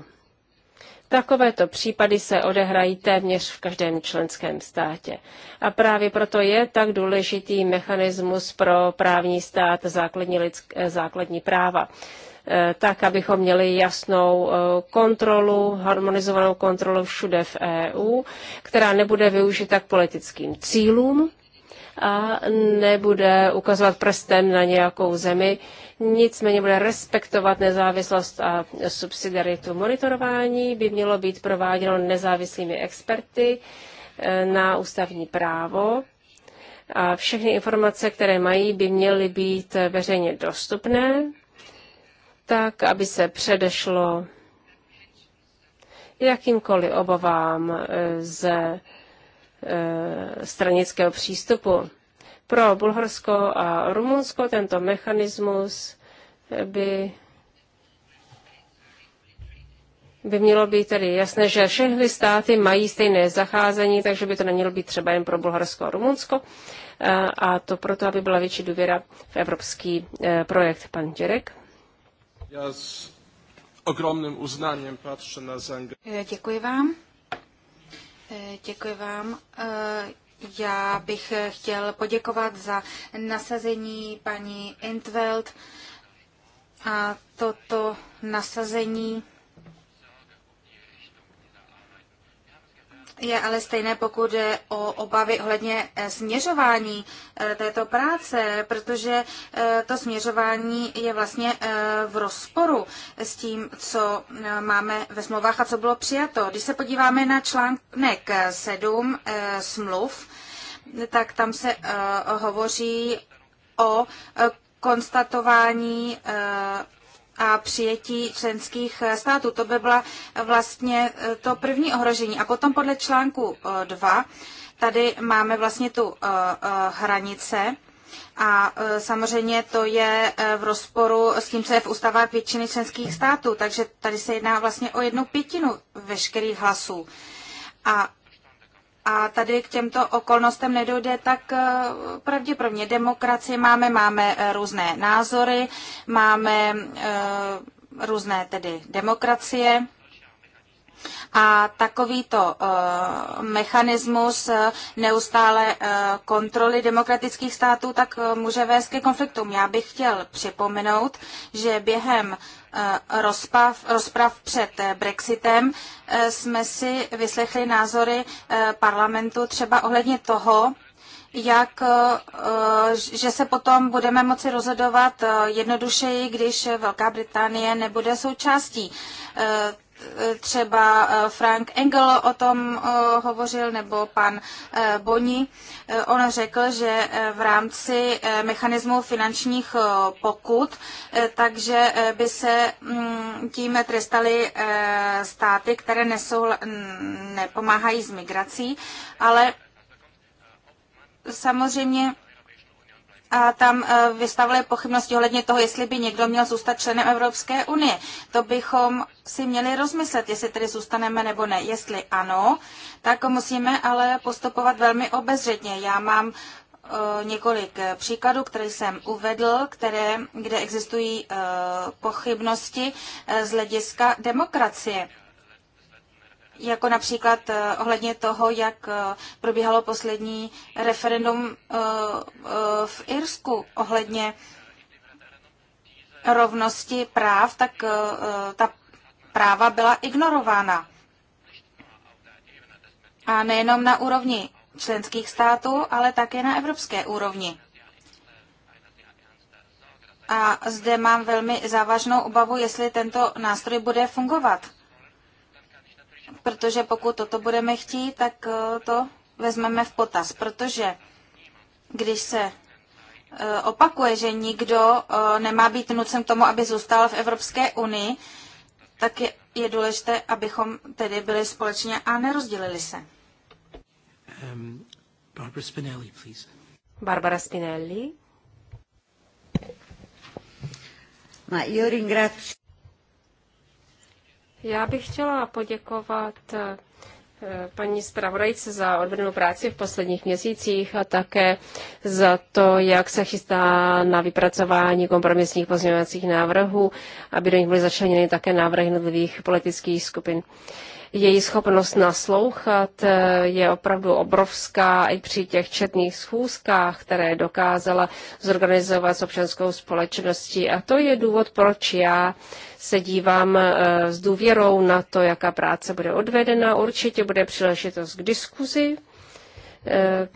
Takovéto případy se odehrají téměř v každém členském státě. A právě proto je tak důležitý mechanismus pro právní stát základní, lidské, eh, základní práva eh, tak, abychom měli jasnou eh, kontrolu, harmonizovanou kontrolu všude v EU, která nebude využita k politickým cílům, a nebude ukazovat prstem na nějakou zemi, nicméně bude respektovat nezávislost a subsidiaritu. Monitorování by mělo být prováděno nezávislými experty eh, na ústavní právo. A všechny informace, které mají, by měly být veřejně dostupné, tak aby se předešlo jakýmkoliv obavám eh, ze Eh, stranického přístupu. Pro Bulharsko a Rumunsko tento mechanismus by by mělo být tedy jasné, že všechny státy mají stejné zacházení, takže by to nemělo být třeba jen pro Bulharsko a Rumunsko. Eh, a to proto, aby byla větší důvěra v evropský eh, projekt. Pan Děrek. Já s ogromným uznáním patřím na zaangažování. Děkuji vám. Děkuji vám. Eh, já bych chtěl poděkovat za nasazení paní Intveld a toto nasazení je ale stejné, pokud je o obavy ohledně eh, směřování eh, této práce, protože eh, to směřování je vlastně v rozporu s tím, co máme ve smlouvách a co bylo přijato. Když se podíváme na článek 7 smluv, tak tam se hovoří o konstatování a přijetí členských států. To by byla vlastně eh, to první ohrožení. A potom podle článku 2 eh, tady máme vlastně tu eh, hranice. A samozřejmě to je v rozporu s tím, co je v ústavách většiny členských států, takže tady se jedná vlastně o jednu pětinu veškerých hlasů. A a tady k těmto okolnostem nedojde, tak eh, pravděpodobně demokracie máme, máme eh, různé názory, máme eh, různé tedy demokracie. A takovýto uh, mechanismus neustále kontroly demokratických států tak může vést ke konfliktům. Já bych chtěl připomenout, že během Eh, rozpav, rozprav před eh, Brexitem eh, jsme si vyslechli názory parlamentu třeba ohledně toho, jak, že se potom budeme moci rozhodovat jednodušeji, když Velká Británie nebude součástí třeba eh, Frank Engel o tom eh, hovořil, nebo pan eh, Boni. On řekl, že v rámci mechanismu finančních pokut, takže by se mm, tím trestaly státy, které nesou, nepomáhají s migrací, ale samozřejmě a tam e, vystavili pochybnosti ohledně toho, jestli by někdo měl zůstat členem Evropské unie. To bychom si měli rozmyslet, jestli tedy zůstaneme nebo ne. Jestli ano, tak musíme ale postupovat velmi obezřetně. Já mám e, několik příkladů, které jsem uvedl, které, kde existují e, pochybnosti z hlediska demokracie jako například eh, ohledně toho, jak eh, probíhalo poslední referendum eh, v Irsku ohledně rovnosti práv, tak ta práva byla ignorována. A nejenom na úrovni členských států, ale také na evropské úrovni. A zde mám velmi závažnou obavu, jestli tento nástroj bude fungovat protože pokud toto budeme chtít, tak eh, to vezmeme v potaz, protože když se eh, opakuje, že nikdo eh, nemá být nucen k tomu, aby zůstal v Evropské unii, tak je, je důležité, abychom tedy byli společně a nerozdělili se. Um, Barbara Spinelli, please. Barbara Spinelli. Ma io ringrazio. Já bych chtěla poděkovat eh, paní zpravodajce za odvedenou práci v posledních měsících a také za to, jak se chystá na vypracování kompromisních pozměňovacích návrhů, aby do nich byly začleněny také návrhy jednotlivých politických skupin. Její schopnost naslouchat eh, je opravdu obrovská i při těch četných schůzkách, které dokázala zorganizovat s občanskou společností. A to je důvod, proč já se dívám eh, s důvěrou na to, jaká práce bude odvedena. Určitě bude příležitost k diskuzi eh,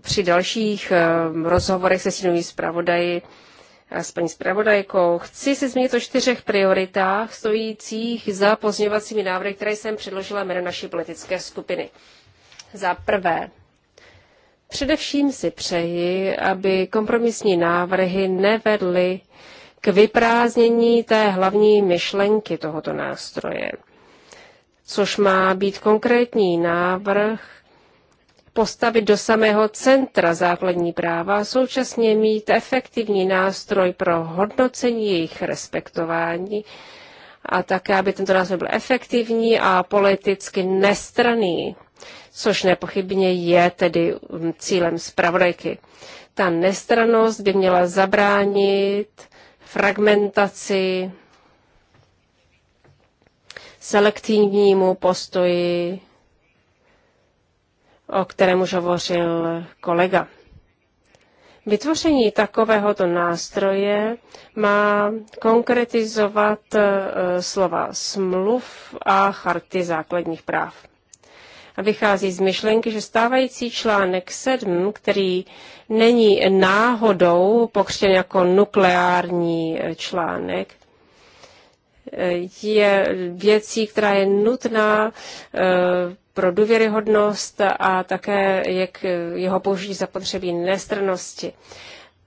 při dalších rozhovorech se stínovými zpravodaji s paní zpravodajkou. Chci se zmínit o čtyřech prioritách stojících za pozměňovacími návrhy, které jsem předložila jménem naší politické skupiny. Za prvé, především si přeji, aby kompromisní návrhy nevedly k vyprázdnění té hlavní myšlenky tohoto nástroje, což má být konkrétní návrh, postavit do samého centra základní práva a současně mít efektivní nástroj pro hodnocení jejich respektování a také, aby tento nástroj byl efektivní a politicky nestraný, což nepochybně je tedy mm, cílem zpravodajky. Ta nestranost by měla zabránit fragmentaci, selektivnímu postoji o kterém už hovořil kolega. Vytvoření takovéhoto nástroje má konkretizovat e, slova smluv a charty základních práv. A vychází z myšlenky, že stávající článek 7, který není náhodou pokřtěn jako nukleární e, článek, e, je věcí, která je nutná pro důvěryhodnost a také jak jeho použití zapotřebí nestrnosti.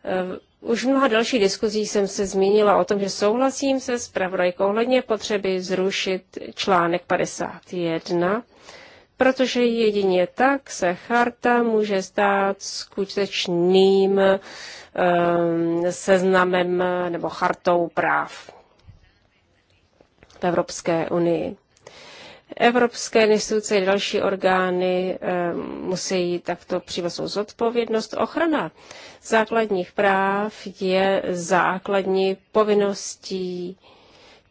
Eh, už v mnoha dalších diskuzí jsem se zmínila o tom, že souhlasím se s pravodajkou ohledně potřeby zrušit článek 51, protože jedině tak se charta může stát skutečným um, seznamem nebo chartou práv v Evropské unii. Evropské instituce i další orgány eh, musí takto přímo svou zodpovědnost. Ochrana základních práv je základní povinností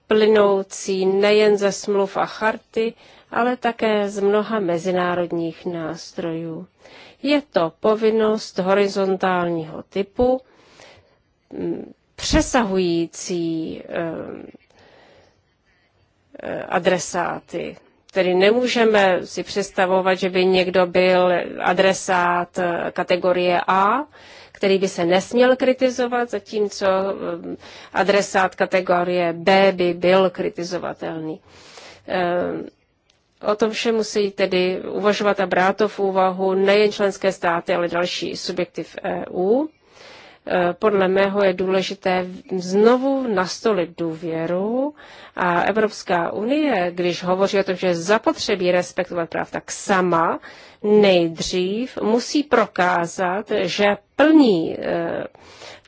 plynoucí nejen ze smluv a charty, ale také z mnoha mezinárodních nástrojů. Je to povinnost horizontálního typu, mm, přesahující eh, eh, adresáty. Tedy nemůžeme si představovat, že by někdo byl adresát eh, kategorie A, který by se nesměl kritizovat, zatímco eh, adresát kategorie B by byl kritizovatelný. Eh, o tom vše musí tedy uvažovat a brát to v úvahu nejen členské státy, ale další subjekty v EU. Eh, podle mého je důležité znovu nastolit důvěru a Evropská unie, když hovoří o tom, že zapotřebí respektovat práv, tak sama nejdřív musí prokázat, že plní eh,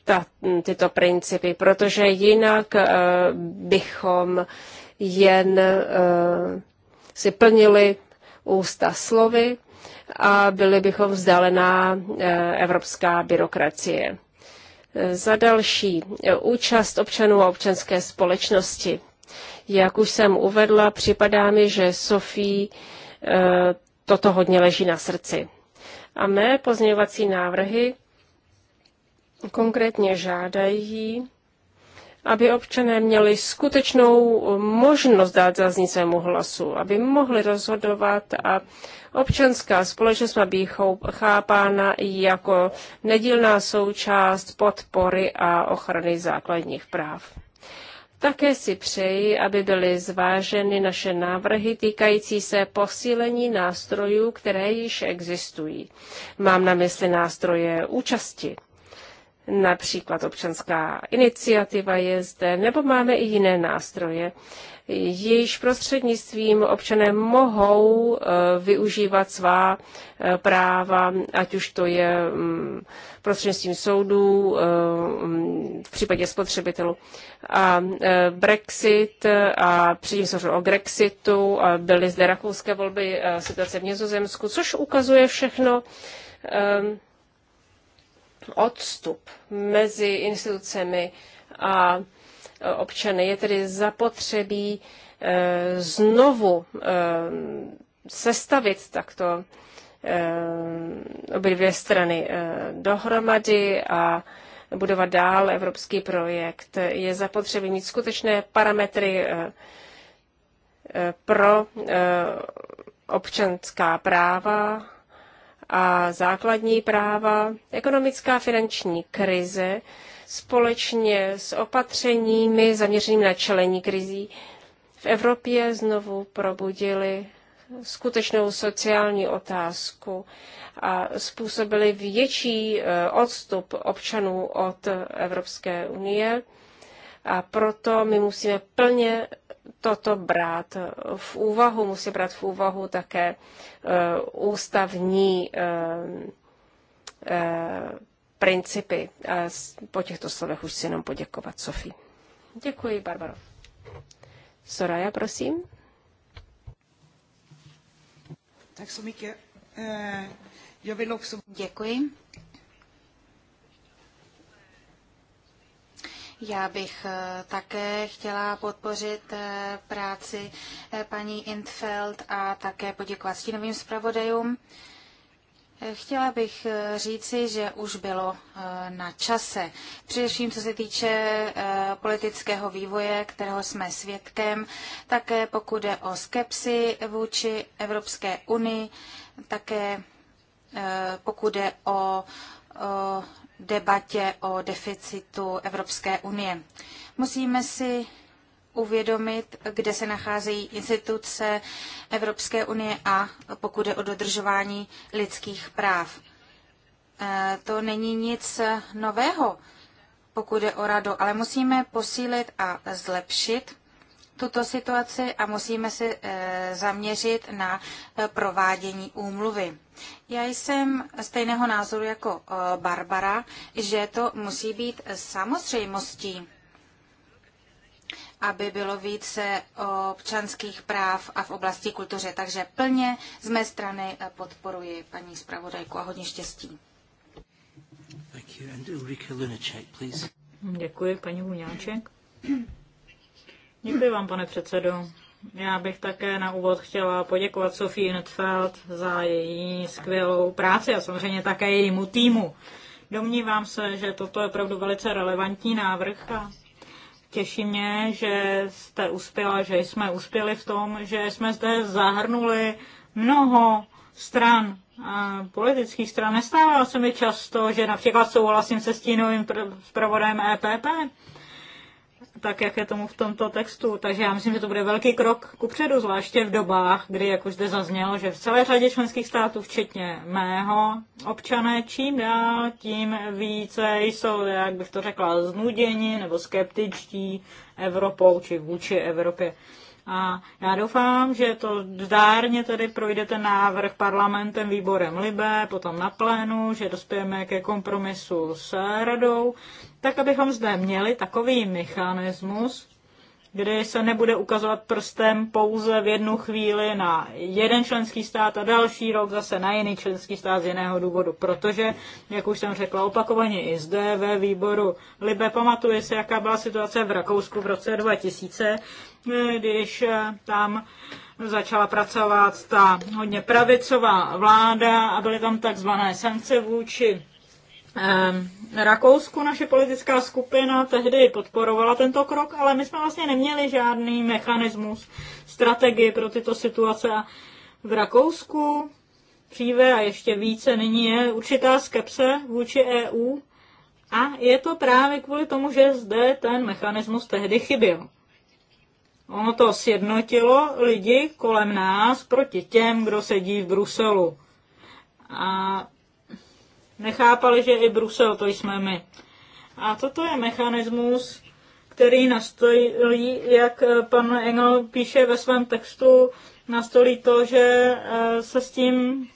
ta, tyto principy, protože jinak eh, bychom jen si plnili ústa slovy a byli bychom vzdálená evropská byrokracie. Za další, účast občanů a občanské společnosti. Jak už jsem uvedla, připadá mi, že Sofii eh, toto hodně leží na srdci. A mé pozměňovací návrhy konkrétně žádají aby občané měli skutečnou možnost dát zaznit svému hlasu, aby mohli rozhodovat a občanská společnost má být chápána jako nedílná součást podpory a ochrany základních práv. Také si přeji, aby byly zváženy naše návrhy týkající se posílení nástrojů, které již existují. Mám na mysli nástroje účasti například občanská iniciativa je zde, nebo máme i jiné nástroje, jejíž prostřednictvím občané mohou eh, využívat svá eh, práva, ať už to je mm, prostřednictvím soudů, eh, mm, v případě spotřebitelů. A Brexit a předtím se o Grexitu, a byly zde rakouské volby, situace v Nězozemsku, což ukazuje všechno, ehm, odstup mezi institucemi a e, občany. Je tedy zapotřebí e, znovu e, sestavit takto obě dvě strany dohromady a budovat dál evropský projekt. Je zapotřebí mít skutečné parametry pro občanská práva a základní práva, ekonomická finanční krize společně s opatřeními zaměřenými na čelení krizí v Evropě znovu probudili skutečnou sociální otázku a způsobili větší eh, odstup občanů od Evropské unie a proto my musíme plně toto brát v úvahu. Musí brát v úvahu také e, ústavní e, e, principy. A po těchto slovech už si jenom poděkovat Sofii. Děkuji, Barbaro. Soraya, prosím. Děkuji. Já bych eh, také chtěla podpořit eh, práci eh, paní Intfeld a také poděkovat stínovým zpravodajům. Chtěla bych říci, že už bylo na čase. Především co se týče politického vývoje, kterého jsme svědkem, také pokud jde o skepsi vůči Evropské unii, také pokud jde o debatě o deficitu Evropské unie. Musíme si uvědomit, kde se nacházejí instituce Evropské unie a pokud je o dodržování lidských práv. E, to není nic nového, pokud je o radu, ale musíme posílit a zlepšit tuto situaci a musíme se eh, zaměřit na eh, provádění úmluvy. Já jsem stejného názoru jako eh, Barbara, že to musí být samozřejmostí aby bylo více občanských práv a v oblasti kultuře. Takže plně z mé strany podporuji paní zpravodajku a hodně štěstí. Děkuji, paní Huňáček. Děkuji vám, pane předsedo. Já bych také na úvod chtěla poděkovat Sofii Netfeld za její skvělou práci a samozřejmě také jejímu týmu. Domnívám se, že toto je opravdu velice relevantní návrh a těší mě, že jste uspěla, že jsme uspěli v tom, že jsme zde zahrnuli mnoho stran politických stran. Nestává se mi často, že například souhlasím se stínovým zpravodajem EPP, tak jak je tomu v tomto textu. Takže já myslím, že to bude velký krok kupředu, zvláště v dobách, kdy, jak už zde zaznělo, že v celé řadě členských států, včetně mého, občané čím dál tím více jsou, jak bych to řekla, znuděni nebo skeptičtí Evropou či vůči Evropě. A já doufám, že to zdárně tedy projde ten návrh parlamentem, výborem Libe, potom na plénu, že dospějeme ke kompromisu s radou tak abychom zde měli takový mechanismus, kdy se nebude ukazovat prstem pouze v jednu chvíli na jeden členský stát a další rok zase na jiný členský stát z jiného důvodu. Protože, jak už jsem řekla opakovaně i zde ve výboru Libe, pamatuje se, jaká byla situace v Rakousku v roce 2000, když eh, tam začala pracovat ta hodně pravicová vláda a byly tam takzvané sankce vůči Ehm, Rakousku naše politická skupina tehdy podporovala tento krok, ale my jsme vlastně neměli žádný mechanismus, strategii pro tyto situace. A v Rakousku dříve a ještě více nyní je určitá skepse vůči EU a je to právě kvůli tomu, že zde ten mechanismus tehdy chyběl. Ono to sjednotilo lidi kolem nás proti těm, kdo sedí v Bruselu. A nechápali, že i Brusel to jsme my. A toto je mechanismus, který nastolí, jak pan Engel píše ve svém textu, nastolí to, že eh, se s tím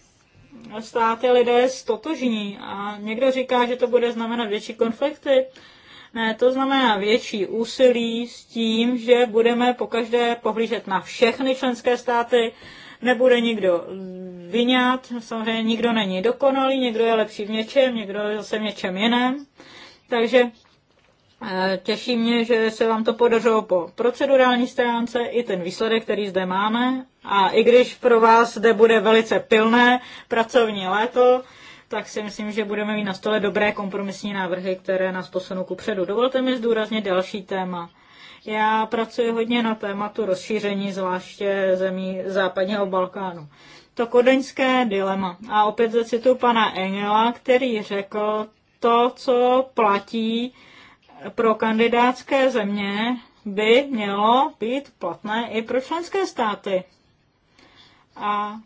státy lidé stotožní. A někdo říká, že to bude znamenat větší konflikty. Ne, to znamená větší úsilí s tím, že budeme pokaždé pohlížet na všechny členské státy nebude nikdo vyňat, samozřejmě nikdo není dokonalý, někdo je lepší v něčem, někdo je zase v něčem jiném. Takže eh, těší mě, že se vám to podařilo po procedurální stránce i ten výsledek, který zde máme. A i když pro vás zde bude velice pilné pracovní léto, tak si myslím, že budeme mít na stole dobré kompromisní návrhy, které nás posunou ku předu. Dovolte mi zdůraznit další téma. Já pracuji hodně na tématu rozšíření, zvláště zemí západního Balkánu. To kodeňské dilema. A opět zacitu pana Engela, který řekl, to, co platí pro kandidátské země, by mělo být platné i pro členské státy. A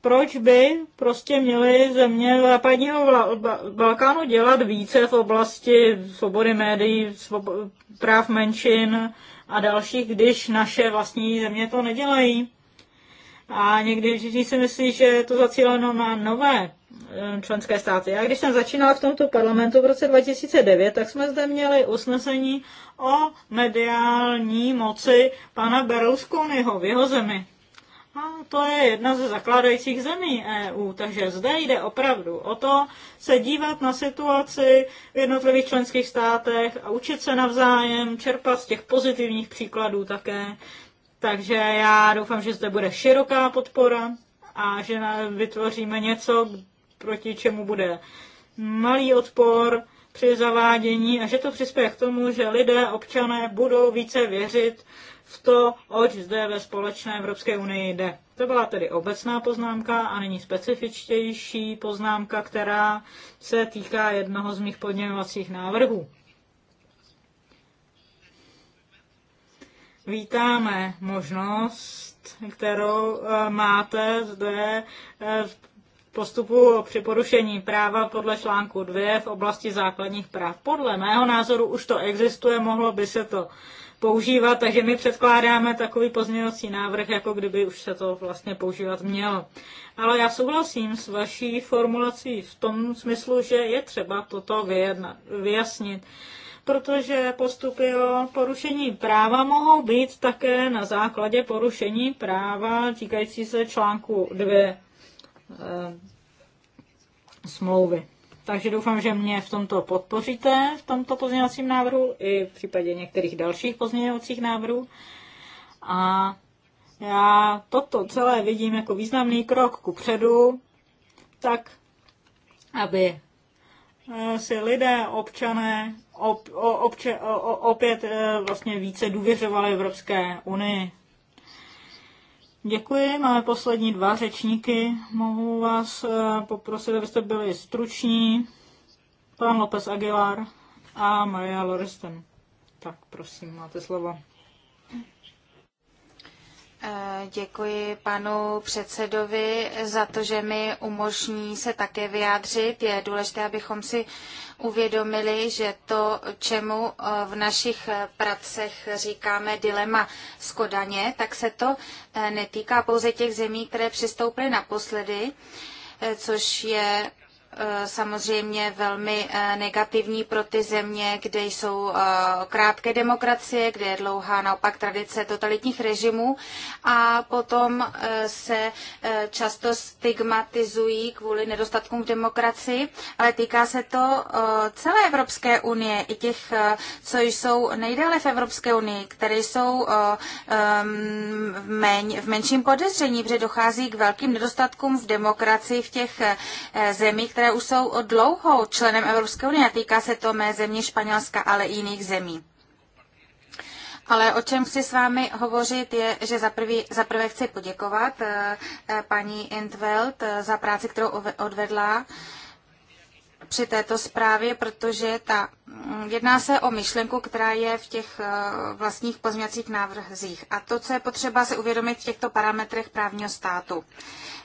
proč by prostě měly země západního Balkánu dělat více v oblasti svobody médií, svob- práv menšin a dalších, když naše vlastní země to nedělají. A někdy vždy si myslí, že je to zacíleno na nové eh, členské státy. Já když jsem začínala v tomto parlamentu v roce 2009, tak jsme zde měli usnesení o mediální moci pana Berlusconiho v jeho zemi. A to je jedna ze zakládajících zemí EU, takže zde jde opravdu o to se dívat na situaci v jednotlivých členských státech a učit se navzájem, čerpat z těch pozitivních příkladů také. Takže já doufám, že zde bude široká podpora a že vytvoříme něco, proti čemu bude malý odpor při zavádění a že to přispěje k tomu, že lidé, občané budou více věřit v to, oč zde ve společné Evropské unii jde. To byla tedy obecná poznámka a není specifičtější poznámka, která se týká jednoho z mých podněvacích návrhů. Vítáme možnost, kterou eh, máte zde eh, v postupu o připorušení práva podle článku 2 v oblasti základních práv. Podle mého názoru už to existuje, mohlo by se to používat, takže my předkládáme takový pozměňovací návrh, jako kdyby už se to vlastně používat mělo. Ale já souhlasím s vaší formulací v tom smyslu, že je třeba toto vyjedna, vyjasnit, protože postupy o porušení práva mohou být také na základě porušení práva týkající se článku 2 e, eh, smlouvy. Takže doufám, že mě v tomto podpoříte, v tomto pozměňovacím návrhu i v případě některých dalších pozměňovacích návrhů. A já toto celé vidím jako významný krok ku předu, tak aby eh, si lidé, občané ob, obče, opět eh, vlastně více důvěřovali Evropské unii. Děkuji, máme poslední dva řečníky. Mohu vás eh, poprosit, abyste byli struční. Pan López Aguilar a Maria Loristen. Tak prosím, máte slovo. Eh, děkuji panu předsedovi za to, že mi umožní se také vyjádřit. Je důležité, abychom si uvědomili, že to, čemu eh, v našich eh, pracech říkáme dilema z Kodaně, tak se to netýká pouze těch zemí, které přistoupily naposledy, což je Eh, samozřejmě velmi eh, negativní pro ty země, kde jsou eh, krátké demokracie, kde je dlouhá naopak tradice totalitních režimů a potom se často stigmatizují kvůli nedostatkům v demokracii, ale týká se to celé Evropské unie, i těch, co jsou nejdále v Evropské unii, které jsou v, menším podezření, protože dochází k velkým nedostatkům v demokracii v těch zemích, které které už jsou od dlouho členem Evropské unie. a Týká se to mé země Španělska, ale i jiných zemí. Ale o čem chci s vámi hovořit je, že za prvé chci poděkovat eh, paní Entveld eh, za práci, kterou odvedla při této zprávě, protože ta, mm, jedná se o myšlenku, která je v těch eh, vlastních pozměňovacích návrzích. A to, co je potřeba si uvědomit v těchto parametrech právního státu,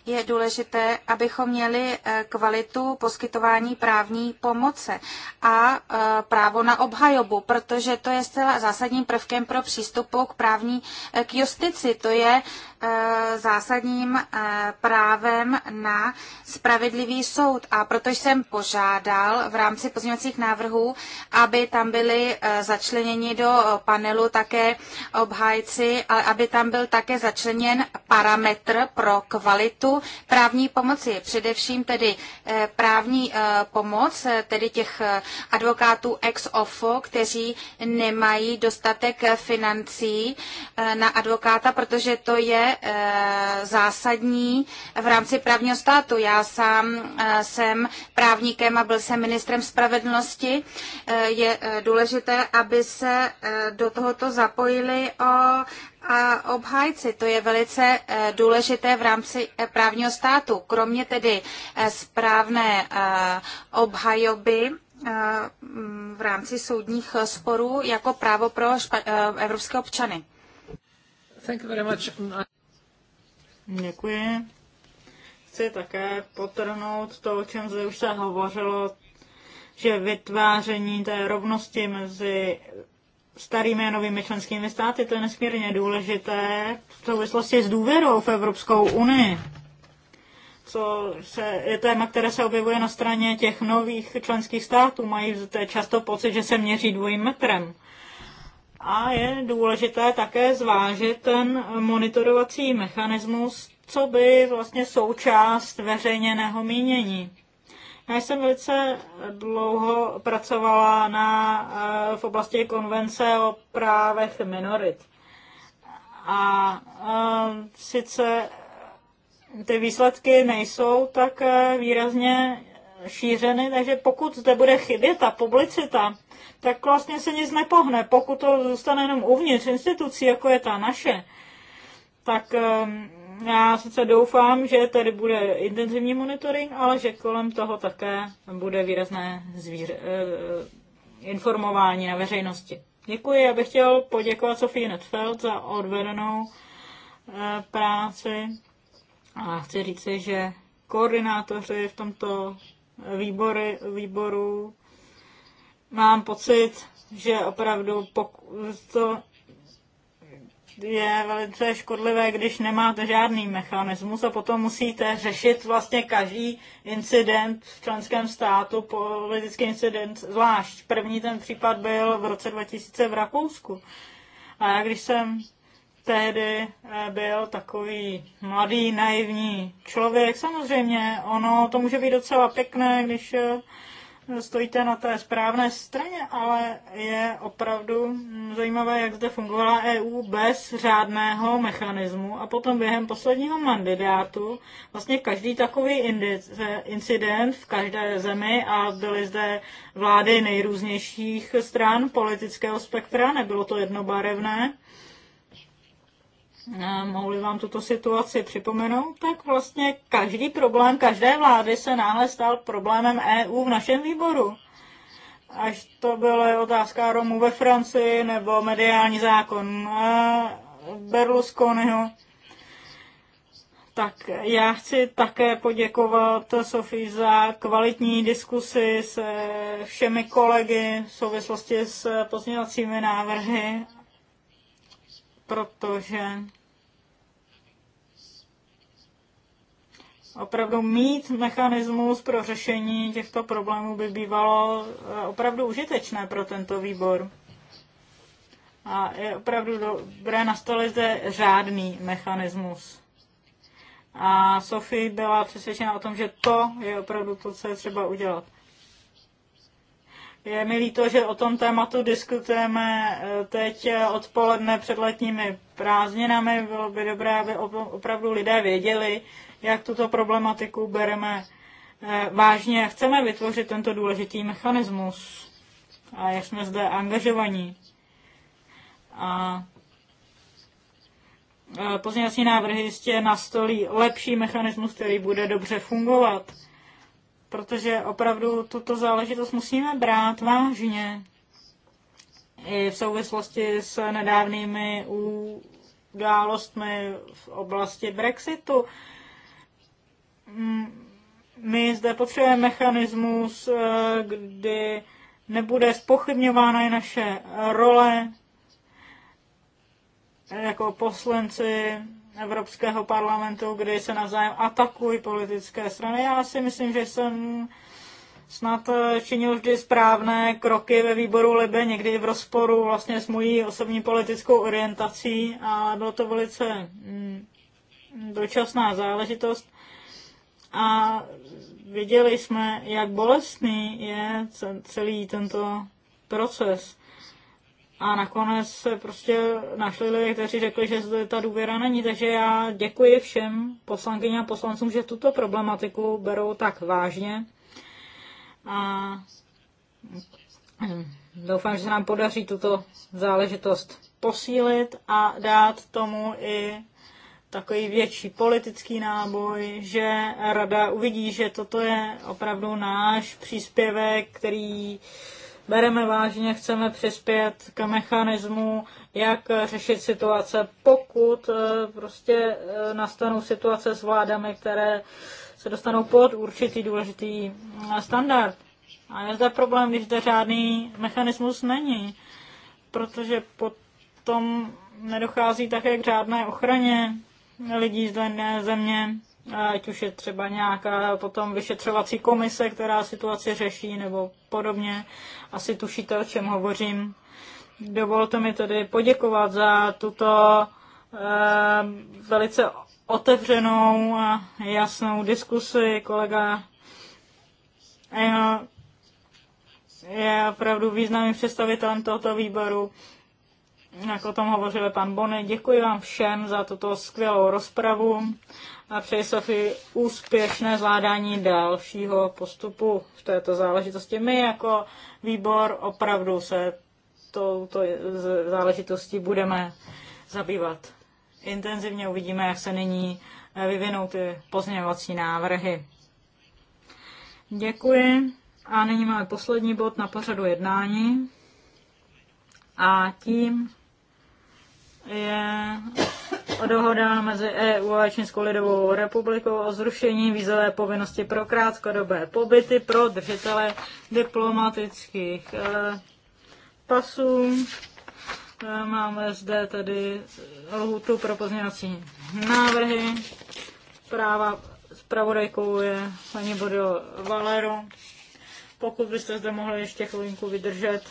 je důležité, abychom měli eh, kvalitu poskytování právní pomoce a eh, právo na obhajobu, protože to je zcela zásadním prvkem pro přístupu k právní k justici. To je Eh, zásadním eh, právem na spravedlivý soud a proto jsem požádal v rámci pozměňovacích návrhů, aby tam byly eh, začleněni do panelu také obhájci, ale aby tam byl také začleněn parametr pro kvalitu právní pomoci, především tedy právní pomoc, tedy těch advokátů ex ofo, kteří nemají dostatek financí na advokáta, protože to je Eh, zásadní v rámci právního státu. Já sám eh, jsem právníkem a byl jsem ministrem spravedlnosti. Eh, je důležité, aby se do tohoto zapojili o a obhájci, to je velice důležité v rámci právního státu. Kromě tedy správné obhajoby v rámci soudních sporů jako právo pro evropské občany. Děkuji. Chci také potrhnout to, o čem zde už se hovořilo, že vytváření té rovnosti mezi starými a novými členskými státy, to je nesmírně důležité v souvislosti s důvěrou v Evropskou unii. Co se, je téma, které se objevuje na straně těch nových členských států. Mají často pocit, že se měří dvojím metrem. A je důležité také zvážit ten monitorovací mechanismus, co by vlastně součást veřejněného mínění. Já jsem velice dlouho pracovala na, eh, v oblasti konvence o právech minorit. A, a eh, sice ty výsledky nejsou tak eh, výrazně šířeny, takže pokud zde bude chybět ta publicita, tak vlastně se nic nepohne. Pokud to zůstane jenom uvnitř institucí, jako je ta naše, tak ehm, já sice doufám, že tady bude intenzivní monitoring, ale že kolem toho také bude výrazné zvíře, eh, informování na veřejnosti. Děkuji, já bych chtěl poděkovat Sofii Netfeld za odvedenou eh, práci a chci říci, že koordinátoři v tomto výbory, výboru mám pocit, že opravdu to je velice škodlivé, když nemáte žádný mechanismus a potom musíte řešit vlastně každý incident v členském státu, politický incident zvlášť. První ten případ byl v roce 2000 v Rakousku. A já když jsem tehdy eh, byl takový mladý, naivní člověk, samozřejmě ono to může být docela pěkné, když eh, stojíte na té správné straně, ale je opravdu zajímavé, jak zde fungovala EU bez řádného mechanismu a potom během posledního mandidátu vlastně každý takový incident v každé zemi a byly zde vlády nejrůznějších stran politického spektra, nebylo to jednobarevné, mohli vám tuto situaci připomenout, tak vlastně každý problém každé vlády se náhle stal problémem EU v našem výboru. Až to byla otázka Romů ve Francii nebo mediální zákon e, Berlusconiho. Tak já chci také poděkovat Sofii za kvalitní diskusy s všemi kolegy v souvislosti s pozměňovacími návrhy, protože opravdu mít mechanismus pro řešení těchto problémů by bývalo eh, opravdu užitečné pro tento výbor. A je opravdu dobré nastolit zde řádný mechanismus. A Sofie byla přesvědčena o tom, že to je opravdu to, co je třeba udělat. Je mi líto, že o tom tématu diskutujeme eh, teď eh, odpoledne před letními prázdninami. Bylo by dobré, aby opravdu lidé věděli, jak tuto problematiku bereme eh, vážně. Chceme vytvořit tento důležitý mechanismus a jak jsme zde angažovaní. A eh, pozměňovací návrhy jistě nastolí lepší mechanismus, který bude dobře fungovat, protože opravdu tuto záležitost musíme brát vážně i v souvislosti s nedávnými událostmi v oblasti Brexitu. Mm, my zde potřebujeme mechanismus, eh, kdy nebude spochybňována i naše role jako poslanci Evropského parlamentu, kdy se navzájem atakují politické strany. Já si myslím, že jsem snad eh, činil vždy správné kroky ve výboru Libe, někdy v rozporu vlastně s mojí osobní politickou orientací, ale bylo to velice mm, dočasná záležitost a viděli jsme, jak bolestný je celý tento proces. A nakonec se prostě našli lidé, kteří řekli, že zde ta důvěra není. Takže já děkuji všem poslankyně a poslancům, že tuto problematiku berou tak vážně. A hm, doufám, že se nám podaří tuto záležitost posílit a dát tomu i takový větší politický náboj, že rada uvidí, že toto je opravdu náš příspěvek, který bereme vážně, chceme přispět k mechanismu, jak řešit situace, pokud eh, prostě eh, nastanou situace s vládami, které se dostanou pod určitý důležitý eh, standard. A je zde problém, když zde žádný mechanismus není, protože potom nedochází také k řádné ochraně lidí z dané země, ať už je třeba nějaká potom vyšetřovací komise, která situaci řeší nebo podobně. Asi tušíte, o čem hovořím. Dovolte mi tedy poděkovat za tuto eh, velice otevřenou a jasnou diskusi. Kolega je opravdu významným představitelem tohoto výboru jak o tom hovořil pan Bony. Děkuji vám všem za tuto skvělou rozpravu a přeji Sofii úspěšné zvládání dalšího postupu v této záležitosti. My jako výbor opravdu se touto záležitostí budeme zabývat intenzivně. Uvidíme, jak se nyní vyvinou ty pozměňovací návrhy. Děkuji. A nyní máme poslední bod na pořadu jednání. A tím je dohoda mezi EU a Čínskou lidovou republikou o zrušení vízové povinnosti pro krátkodobé pobyty pro držitele diplomatických eh, pasů. Eh, máme zde tedy lhutu pro pozměňovací návrhy. Práva zpravodajkou je paní Bodo Valero. Pokud byste zde mohli ještě chvilinku vydržet,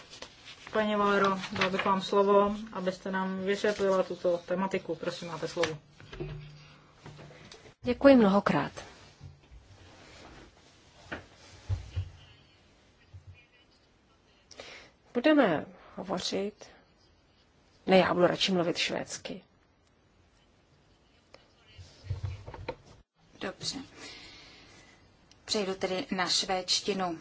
Paní Valero, dal bych vám slovo, abyste nám vysvětlila tuto tematiku. Prosím, máte slovo. Děkuji mnohokrát. Budeme hovořit. Ne, já budu radši mluvit švédsky. Dobře. Přejdu tedy na švédštinu.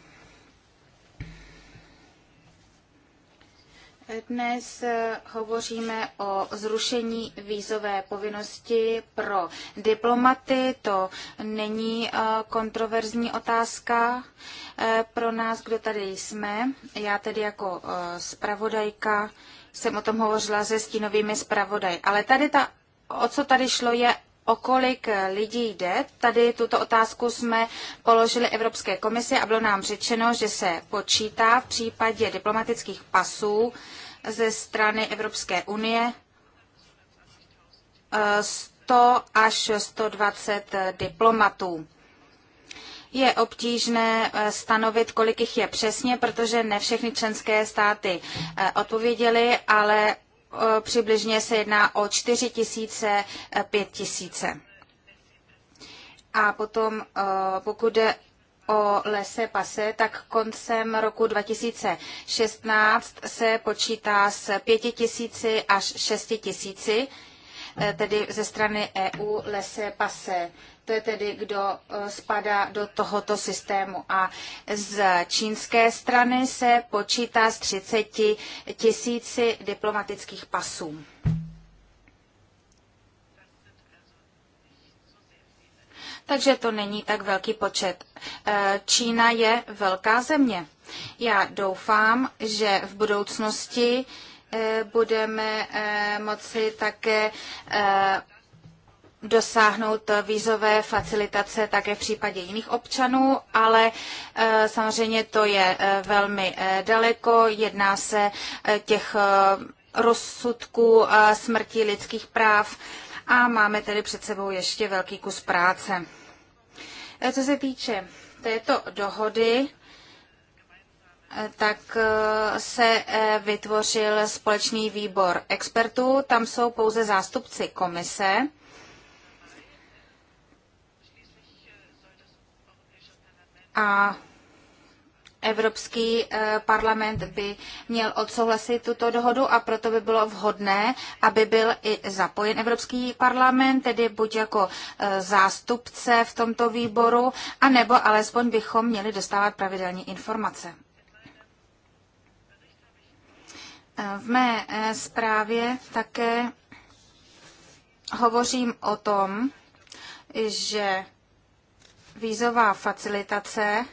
Dnes eh, hovoříme o zrušení vízové povinnosti pro diplomaty. To není eh, kontroverzní otázka eh, pro nás, kdo tady jsme. Já tedy jako zpravodajka jsem o tom hovořila se stínovými zpravodaj. Ale tady ta, o co tady šlo, je o kolik eh, lidí jde. Tady tuto otázku jsme položili Evropské komisi a bylo nám řečeno, že se počítá v případě diplomatických pasů ze strany Evropské unie 100 eh, až 120 eh, diplomatů. Je obtížné stanovit, kolik jich je přesně, protože ne všechny členské státy odpověděly, ale Eh, přibližně se jedná o 4 tisíce, 5 tisíce. A potom, eh, pokud jde o lese pase, tak koncem roku 2016 se počítá s 5 tisíci až 6 tisíci, eh, tedy ze strany EU lese pase to je tedy, kdo eh, spadá do tohoto systému. A z čínské strany se počítá z 30 tisíci diplomatických pasů. takže to není tak velký počet. Eh, Čína je velká země. Já doufám, že v budoucnosti eh, budeme moci také dosáhnout vízové facilitace také v případě jiných občanů, ale eh, samozřejmě to je eh, velmi eh, daleko. Jedná se těch rozsudků smrti lidských práv a máme tedy před sebou ještě velký kus práce. Co se týče této dohody, tak se vytvořil společný výbor expertů. Tam jsou pouze zástupci komise a Evropský eh, parlament by měl odsouhlasit tuto dohodu a proto by bylo vhodné, aby byl i zapojen Evropský parlament, tedy buď jako eh, zástupce v tomto výboru, anebo alespoň bychom měli dostávat pravidelně informace. Eh, v mé zprávě také hovořím o tom, že vízová facilitace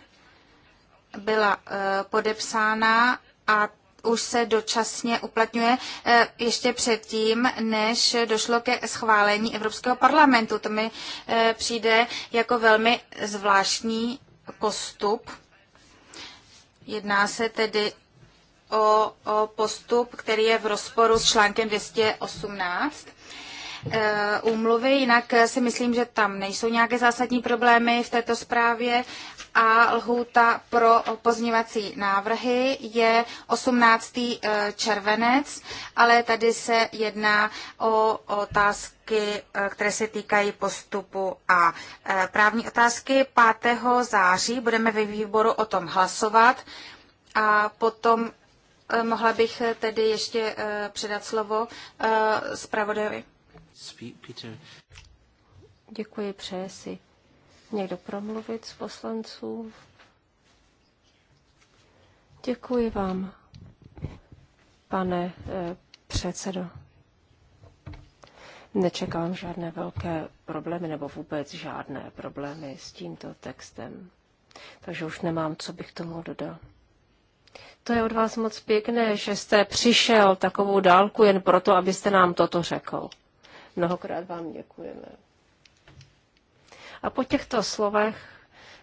byla eh, podepsána a už se dočasně uplatňuje eh, ještě předtím, než došlo ke schválení Evropského parlamentu. To mi eh, přijde jako velmi zvláštní postup. Jedná se tedy o, o postup, který je v rozporu s článkem 218 Eh, úmluvy, jinak eh, si myslím, že tam nejsou nějaké zásadní problémy v této zprávě a lhůta pro pozněvací návrhy je 18. Eh, červenec, ale tady se jedná o otázky, které se týkají postupu a právní otázky. 5. září budeme ve výboru o tom hlasovat a potom mohla bych tedy ještě předat slovo zpravodajovi. Děkuji, přeje si někdo promluvit z poslanců. Děkuji vám, pane eh, předsedo. Nečekám žádné velké problémy nebo vůbec žádné problémy s tímto textem. Takže už nemám, co bych tomu dodal. To je od vás moc pěkné, že jste přišel takovou dálku jen proto, abyste nám toto řekl. Mnohokrát vám děkujeme. A po těchto slovech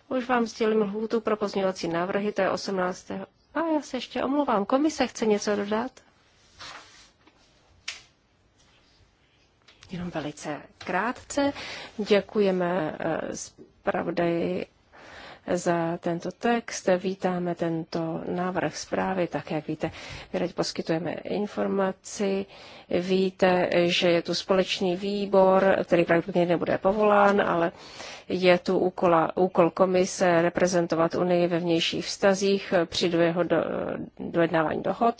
už vám sdělím lhůtu pro pozměňovací návrhy, to je 18. A já se ještě omluvám. Komise chce něco dodat? Jenom velice krátce. Děkujeme eh, zpravodaji za tento text. Vítáme tento návrh zprávy, tak jak víte, my teď poskytujeme informaci. Víte, že je tu společný výbor, který pravděpodobně nebude povolán, ale je tu úkola, úkol komise reprezentovat Unii ve vnějších vztazích při dojednávání dohod.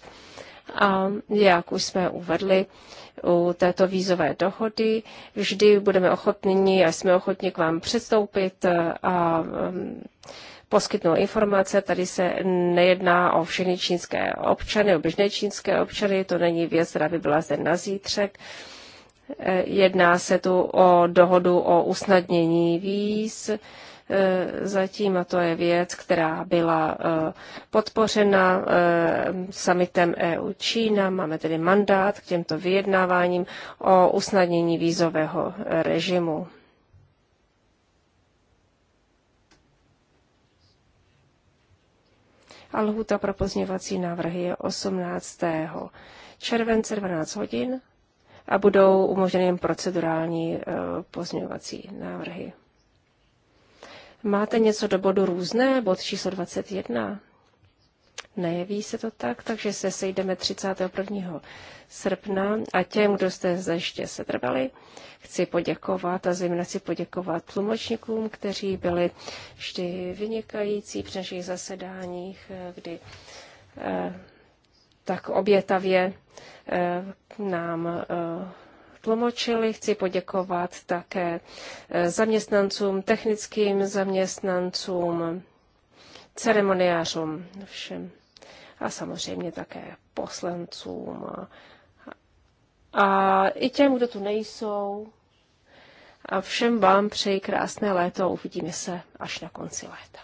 A jak už jsme uvedli u této vízové dohody, vždy budeme ochotní a jsme ochotní k vám předstoupit a um, poskytnout informace. Tady se nejedná o všechny čínské občany, o běžné čínské občany, to není věc, která by byla zde na zítřek. Eh, jedná se tu o dohodu o usnadnění víz E, zatím, a to je věc, která byla e, podpořena e, summitem EU-Čína. Máme tedy mandát k těmto vyjednáváním o usnadnění vízového režimu. A lhůta pro pozměvací návrhy je 18. července 12 hodin a budou umožněny procedurální pozměňovací návrhy. Máte něco do bodu různé, bod číslo 21? Nejeví se to tak, takže se sejdeme 31. srpna a těm, kdo jste zde ještě setrvali, chci poděkovat a zejména chci poděkovat tlumočníkům, kteří byli vždy vynikající při našich zasedáních, eh, kdy eh, tak obětavě eh, nám eh, tlumočili. Chci poděkovat také eh, zaměstnancům, technickým zaměstnancům, ceremoniářům, všem. A samozřejmě také poslancům a, a i těm, kdo tu nejsou. A všem vám přeji krásné léto a uvidíme se až na konci léta.